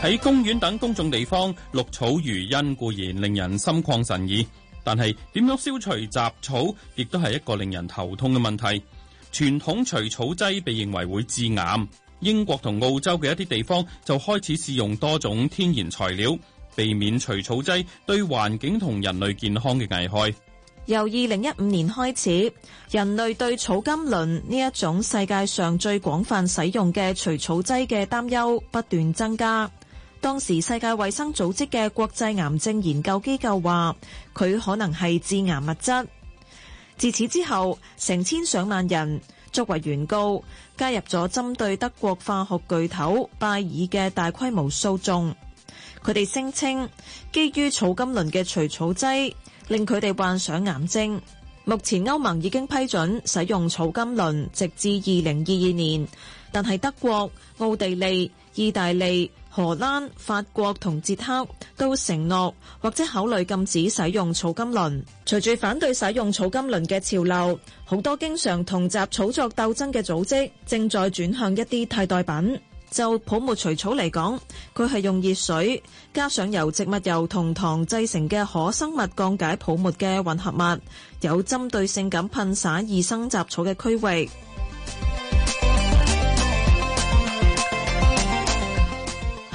喺公園等公眾地方，綠草如茵固然令人心曠神怡，但係點樣消除雜草，亦都係一個令人頭痛嘅問題。傳統除草劑被認為會致癌，英國同澳洲嘅一啲地方就開始試用多種天然材料，避免除草劑對環境同人類健康嘅危害。由二零一五年開始，人類對草甘膦呢一種世界上最廣泛使用嘅除草劑嘅擔憂不斷增加。當時，世界衛生組織嘅國際癌症研究機構話佢可能係致癌物質。自此之後，成千上萬人作為原告加入咗針對德國化學巨頭拜耳嘅大規模訴訟。佢哋聲稱，基於草甘膦嘅除草劑令佢哋患上癌症。目前歐盟已經批准使用草甘膦，直至二零二二年，但係德國、奧地利、意大利、荷蘭、法國同捷克都承諾或者考慮禁止使用草甘膦。隨住反對使用草甘膦嘅潮流，好多經常同雜草作鬥爭嘅組織正在轉向一啲替代品。就泡沫除草嚟講，佢係用熱水加上由植物油同糖製成嘅可生物降解泡沫嘅混合物，有針對性咁噴灑易生雜草嘅區域。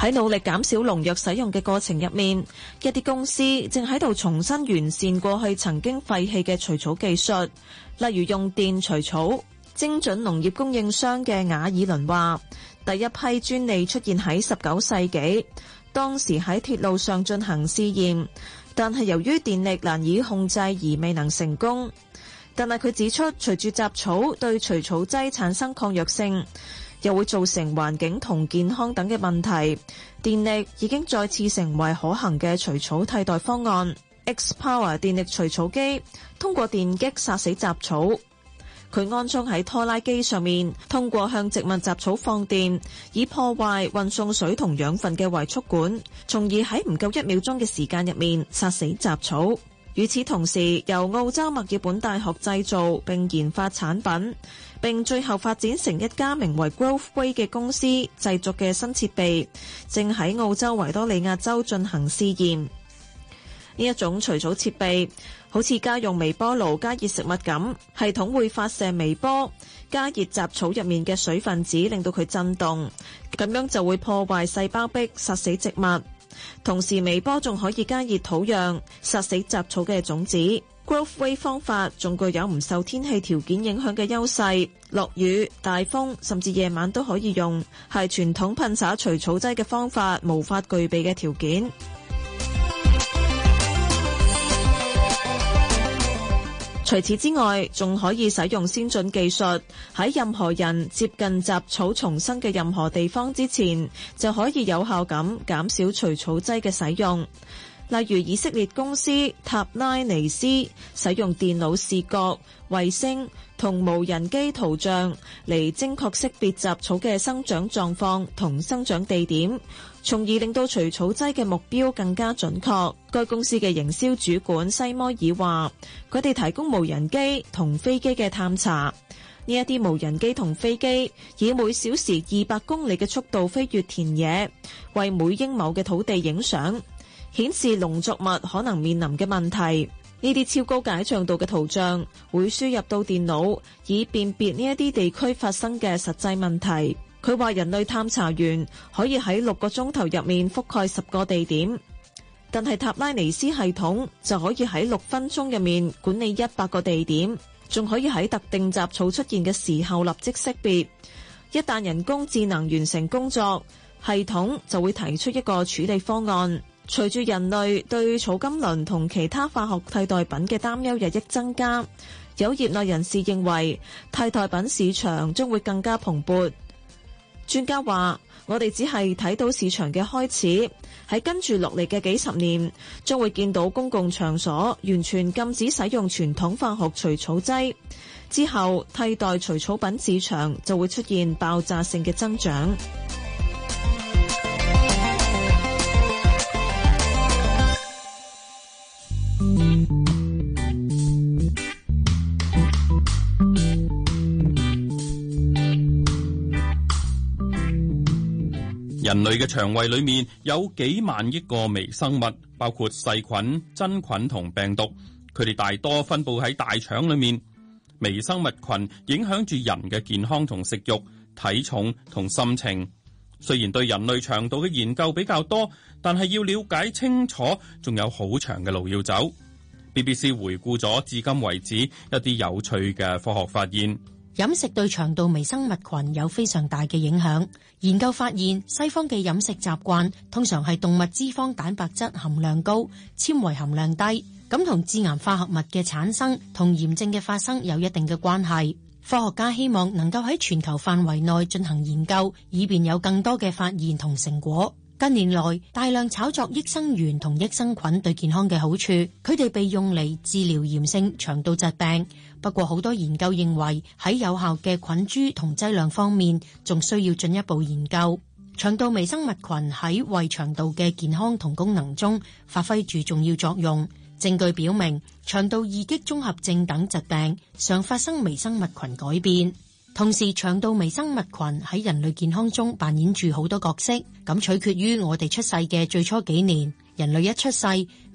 喺努力減少農藥使用嘅過程入面，一啲公司正喺度重新完善過去曾經廢棄嘅除草技術，例如用電除草。精準農業供應商嘅瓦爾倫話：第一批專利出現喺十九世紀，當時喺鐵路上進行試驗，但係由於電力難以控制而未能成功。但係佢指出，隨住雜草對除草劑產生抗藥性。又會造成環境同健康等嘅問題。電力已經再次成為可行嘅除草替代方案。X Power 電力除草機通過電擊殺死雜草，佢安裝喺拖拉機上面，通過向植物雜草放電，以破壞運送水同養分嘅維速管，從而喺唔夠一秒鐘嘅時間入面殺死雜草。與此同時，由澳洲墨爾本大學製造並研發產品。並最後發展成一家名為 Growth Way 嘅公司製作嘅新設備，正喺澳洲維多利亞州進行試驗。呢一種除草設備好似家用微波爐加熱食物咁，系統會發射微波加熱雜草入面嘅水分子，令到佢震動，咁樣就會破壞細胞壁，殺死植物。同時，微波仲可以加熱土壤，殺死雜草嘅種子。growth way 方法仲具有唔受天氣條件影響嘅優勢，落雨、大風甚至夜晚都可以用，係傳統噴灑除草劑嘅方法無法具備嘅條件。除此之外，仲可以使用先進技術，喺任何人接近雜草重生嘅任何地方之前，就可以有效咁減少除草劑嘅使用。例如以色列公司塔拉尼斯使用電腦視覺衛星同無人機圖像嚟精確識別雜草嘅生長狀況同生長地點，從而令到除草劑嘅目標更加準確。該公司嘅營銷主管西摩爾話：佢哋提供無人機同飛機嘅探查，呢一啲無人機同飛機以每小時二百公里嘅速度飛越田野，為每英畝嘅土地影相。顯示農作物可能面臨嘅問題，呢啲超高解像度嘅圖像會輸入到電腦，以辨別呢一啲地區發生嘅實際問題。佢話，人類探查員可以喺六個鐘頭入面覆蓋十個地點，但係塔拉尼斯系統就可以喺六分鐘入面管理一百個地點，仲可以喺特定雜草出現嘅時候立即識別。一旦人工智能完成工作，系統就會提出一個處理方案。隨住人類對草甘膦同其他化學替代品嘅擔憂日益增加，有業內人士認為替代品市場將會更加蓬勃。專家話：我哋只係睇到市場嘅開始，喺跟住落嚟嘅幾十年，將會見到公共場所完全禁止使用傳統化學除草劑，之後，替代除草品市場就會出現爆炸性嘅增長。人類嘅腸胃裏面有幾萬億個微生物，包括細菌、真菌同病毒，佢哋大多分布喺大腸裏面。微生物群影響住人嘅健康同食欲、體重同心情。雖然對人類腸道嘅研究比較多，但係要了解清楚仲有好長嘅路要走。BBC 回顧咗至今為止一啲有趣嘅科學發現。飲食對腸道微生物群有非常大嘅影響。研究發現，西方嘅飲食習慣通常係動物脂肪、蛋白質含量高，纖維含量低，咁同致癌化合物嘅產生同炎症嘅發生有一定嘅關係。科學家希望能夠喺全球範圍內進行研究，以便有更多嘅發現同成果。近年來，大量炒作益生元同益生菌對健康嘅好處，佢哋被用嚟治療炎性腸道疾病。不過，好多研究認為喺有效嘅菌株同劑量方面，仲需要進一步研究。腸道微生物群喺胃腸道嘅健康同功能中發揮住重要作用。證據表明，腸道易激綜合症等疾病常發生微生物群改變。同時，腸道微生物群喺人類健康中扮演住好多角色。咁取決於我哋出世嘅最初幾年。人類一出世，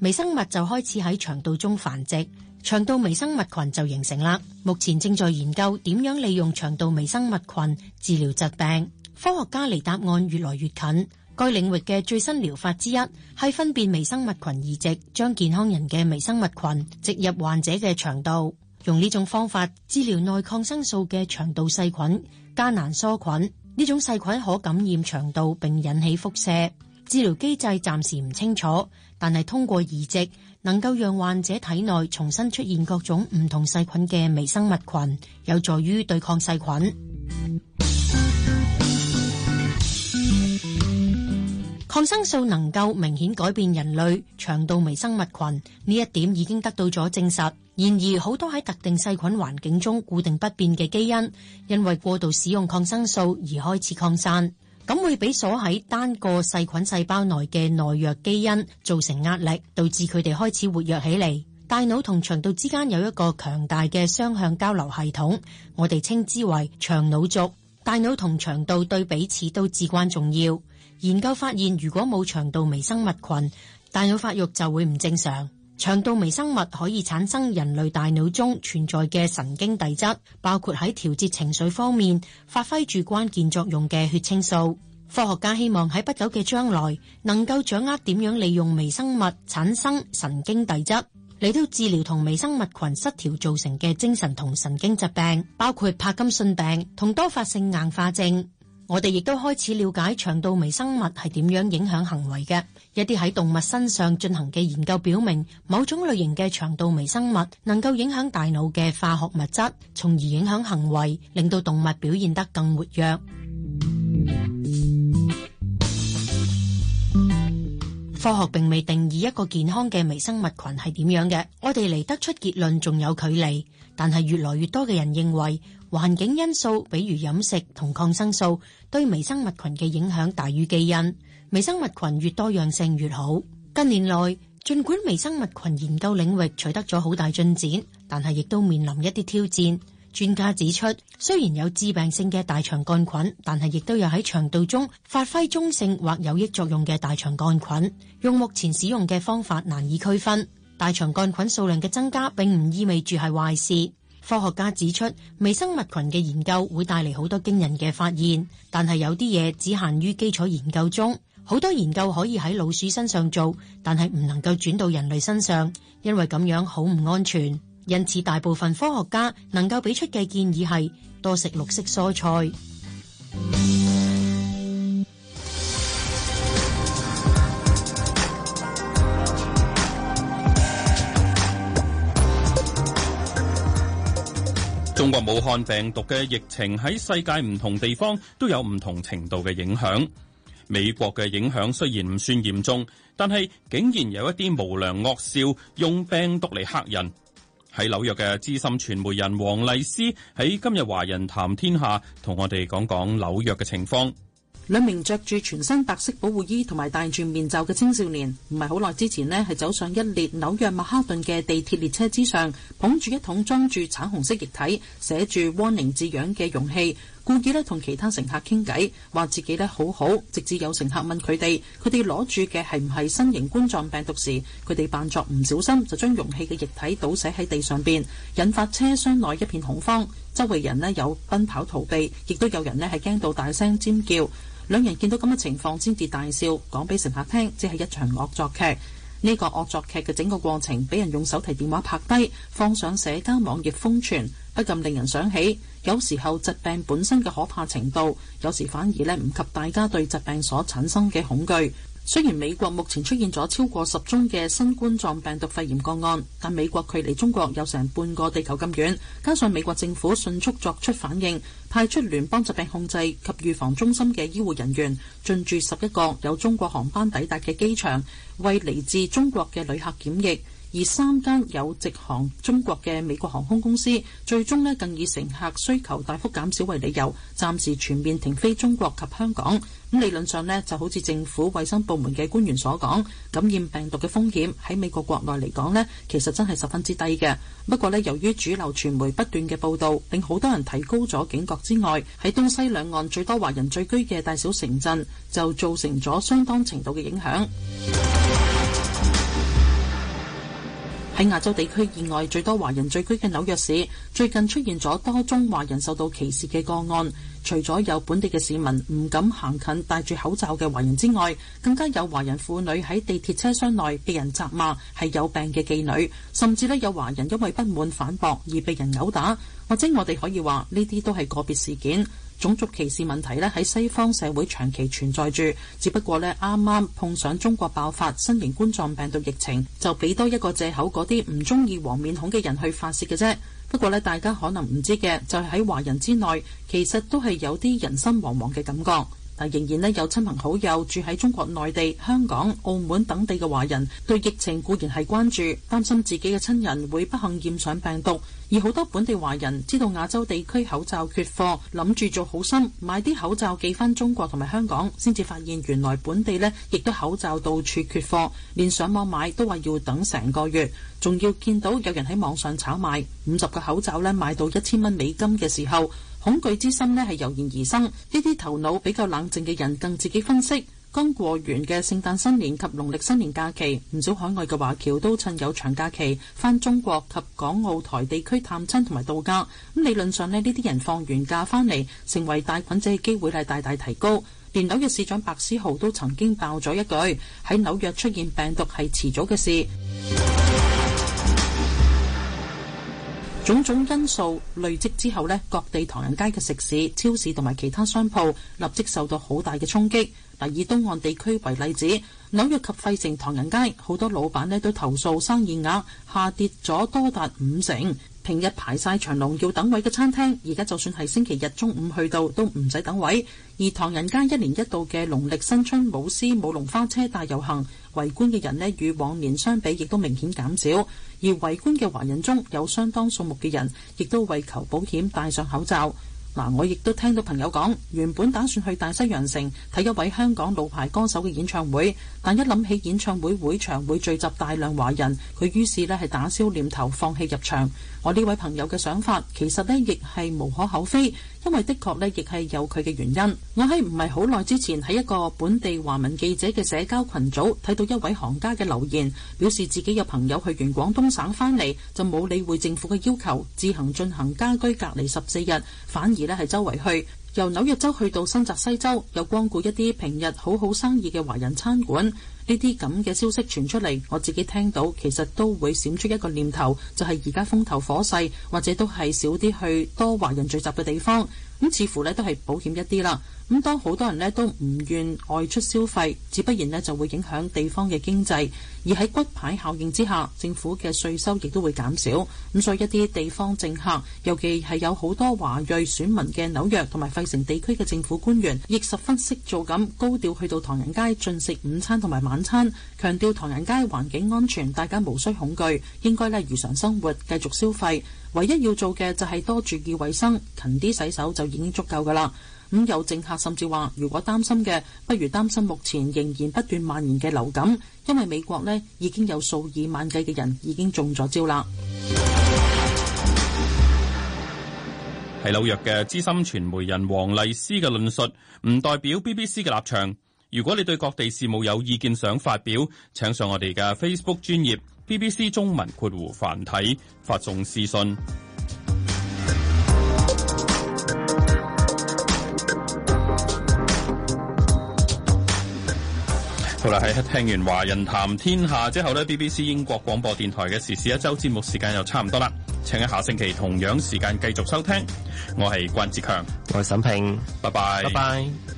微生物就開始喺腸道中繁殖。腸道微生物群就形成啦，目前正在研究點樣利用腸道微生物群治療疾病，科學家離答案越來越近。該領域嘅最新療法之一係糞便微生物群移植，將健康人嘅微生物群植入患者嘅腸道。用呢種方法治療耐抗生素嘅腸道細菌艱難梭菌，呢種細菌可感染腸道並引起腹瀉。治療機制暫時唔清楚，但係通過移植能夠讓患者體內重新出現各種唔同細菌嘅微生物群，有助於對抗細菌。抗生素能夠明顯改變人類腸道微生物群，呢一點已經得到咗證實。然而，好多喺特定細菌環境中固定不變嘅基因，因為過度使用抗生素而開始擴散。咁會俾鎖喺單個細菌細胞內嘅耐藥基因造成壓力，導致佢哋開始活躍起嚟。大腦同腸道之間有一個強大嘅雙向交流系統，我哋稱之為腸腦軸。大腦同腸道對彼此都至關重要。研究發現，如果冇腸道微生物群，大腦發育就會唔正常。腸道微生物可以產生人類大腦中存在嘅神經遞質，包括喺調節情緒方面發揮住關鍵作用嘅血清素。科學家希望喺不久嘅將來，能夠掌握點樣利用微生物產生神經遞質，嚟到治療同微生物群失調造成嘅精神同神經疾病，包括帕金遜病同多發性硬化症。我哋亦都開始了解腸道微生物係點樣影響行為嘅。一啲喺動物身上進行嘅研究表明，某種類型嘅腸道微生物能夠影響大腦嘅化學物質，從而影響行為，令到動物表現得更活躍。科學並未定義一個健康嘅微生物群係點樣嘅，我哋離得出結論仲有距離，但係越來越多嘅人認為。環境因素，比如飲食同抗生素，對微生物群嘅影響大於基因。微生物群越多樣性越好。近年來，儘管微生物群研究領域取得咗好大進展，但係亦都面臨一啲挑戰。專家指出，雖然有致病性嘅大腸桿菌，但係亦都有喺腸道中發揮中性或有益作用嘅大腸桿菌。用目前使用嘅方法難以區分，大腸桿菌數量嘅增加，並唔意味住係壞事。科學家指出，微生物群嘅研究會帶嚟好多驚人嘅發現，但係有啲嘢只限於基礎研究中。好多研究可以喺老鼠身上做，但係唔能夠轉到人類身上，因為咁樣好唔安全。因此，大部分科學家能夠俾出嘅建議係多食綠色蔬菜。中國武漢病毒嘅疫情喺世界唔同地方都有唔同程度嘅影響。美國嘅影響雖然唔算嚴重，但係竟然有一啲無良惡少用病毒嚟嚇人。喺紐約嘅資深傳媒人黃麗斯喺今日華人談天下同我哋講講紐約嘅情況。兩名着住全身白色保護衣同埋戴住面罩嘅青少年，唔係好耐之前呢，係走上一列紐約曼哈頓嘅地鐵列車之上，捧住一桶裝住橙紅色液體、寫住「Warning」字樣嘅容器。故意咧同其他乘客傾偈，話自己咧好好，直至有乘客問佢哋，佢哋攞住嘅係唔係新型冠狀病毒時，佢哋扮作唔小心就將容器嘅液體倒瀉喺地上邊，引發車廂內一片恐慌。周圍人呢有奔跑逃避，亦都有人呢係驚到大聲尖叫。兩人見到咁嘅情況，先至大笑，講俾乘客聽，即係一場惡作劇。呢、呢個惡作劇嘅整個過程，俾人用手提電話拍低，放上社交網頁瘋傳。不禁令人想起，有時候疾病本身嘅可怕程度，有時反而咧唔及大家對疾病所產生嘅恐懼。雖然美國目前出現咗超過十宗嘅新冠狀病毒肺炎個案，但美國距離中國有成半個地球咁遠，加上美國政府迅速作出反應，派出聯邦疾病控制及預防中心嘅醫護人員進駐十一個有中國航班抵達嘅機場，為嚟自中國嘅旅客檢疫。而三間有直航中國嘅美國航空公司，最終呢更以乘客需求大幅減少為理由，暫時全面停飛中國及香港。咁理論上呢，就好似政府衛生部門嘅官員所講，感染病毒嘅風險喺美國國內嚟講呢，其實真係十分之低嘅。不過呢，由於主流傳媒不斷嘅報導，令好多人提高咗警覺之外，喺東西兩岸最多華人聚居嘅大小城鎮，就造成咗相當程度嘅影響。 喺亞洲地區以外，最多華人聚居嘅紐約市，最近出現咗多宗華人受到歧視嘅個案。除咗有本地嘅市民唔敢行近戴住口罩嘅華人之外，更加有華人婦女喺地鐵車廂內被人責罵係有病嘅妓女，甚至呢有華人因為不滿反駁而被人毆打。或者我哋可以話，呢啲都係個別事件。種族歧視問題咧喺西方社會長期存在住，只不過咧啱啱碰上中國爆發新型冠狀病毒疫情，就俾多一個藉口嗰啲唔中意黃面孔嘅人去發泄嘅啫。不過咧大家可能唔知嘅就係喺華人之內，其實都係有啲人心惶惶嘅感覺。但仍然呢有親朋好友住喺中國內地、香港、澳門等地嘅華人，對疫情固然係關注，擔心自己嘅親人會不幸染上病毒。而好多本地華人知道亞洲地區口罩缺貨，諗住做好心買啲口罩寄翻中國同埋香港，先至發現原來本地呢亦都口罩到處缺貨，連上網買都話要等成個月，仲要見到有人喺網上炒賣五十個口罩呢買到一千蚊美金嘅時候。恐懼之心呢係油然而生，呢啲頭腦比較冷靜嘅人更自己分析。剛過完嘅聖誕新年及農曆新年假期，唔少海外嘅華僑都趁有長假期翻中國及港澳台地區探親同埋度假。咁理論上呢，呢啲人放完假翻嚟，成為帶菌者嘅機會係大大提高。連紐約市長白思豪都曾經爆咗一句，喺紐約出現病毒係遲早嘅事。種種因素累積之後呢，各地唐人街嘅食肆、超市同埋其他商鋪立即受到好大嘅衝擊。嗱，以東岸地區為例子，紐約及費城唐人街好多老闆呢都投訴生意額下跌咗多達五成。平日排晒長龍要等位嘅餐廳，而家就算係星期日中午去到都唔使等位。而唐人街一年一度嘅農曆新春舞獅舞龍花車大遊行，圍觀嘅人呢與往年相比亦都明顯減少。而圍觀嘅華人中有相當數目嘅人，亦都為求保險戴上口罩。嗱，我亦都聽到朋友講，原本打算去大西洋城睇一位香港老牌歌手嘅演唱會，但一諗起演唱會會場會聚集大量華人，佢於是呢係打消念頭，放棄入場。我呢位朋友嘅想法其實呢亦係無可厚非。因為的確呢，亦係有佢嘅原因。我喺唔係好耐之前喺一個本地華文記者嘅社交群組睇到一位行家嘅留言，表示自己有朋友去完廣東省翻嚟，就冇理會政府嘅要求，自行進行家居隔離十四日，反而呢，係周圍去，由紐約州去到新澤西州，又光顧一啲平日好好生意嘅華人餐館。呢啲咁嘅消息傳出嚟，我自己聽到，其實都會閃出一個念頭，就係而家風頭火勢，或者都係少啲去多華人聚集嘅地方，咁似乎呢都係保險一啲啦。咁，當好多人呢都唔願外出消費，只不然呢就會影響地方嘅經濟，而喺骨牌效應之下，政府嘅稅收亦都會減少。咁所以一啲地方政客，尤其係有好多華裔選民嘅紐約同埋費城地區嘅政府官員，亦十分識做咁高調去到唐人街進食午餐同埋晚餐，強調唐人街環境安全，大家無需恐懼，應該呢如常生活繼續消費，唯一要做嘅就係多注意衛生，勤啲洗手就已經足夠噶啦。咁、嗯、有政客甚至話，如果擔心嘅，不如擔心目前仍然不斷蔓延嘅流感，因為美國呢已經有數以萬計嘅人已經中咗招啦。係紐約嘅資深傳媒人黃麗斯嘅論述，唔代表 BBC 嘅立場。如果你對各地事務有意見想發表，請上我哋嘅 Facebook 專頁 BBC 中文括弧繁體發送私信。好啦，喺聽完華人談天下之後呢 BBC 英國廣播電台嘅時事一周節目時間又差唔多啦，請喺下星期同樣時間繼續收聽，我係關志強，我係沈平，拜拜 bye，拜拜。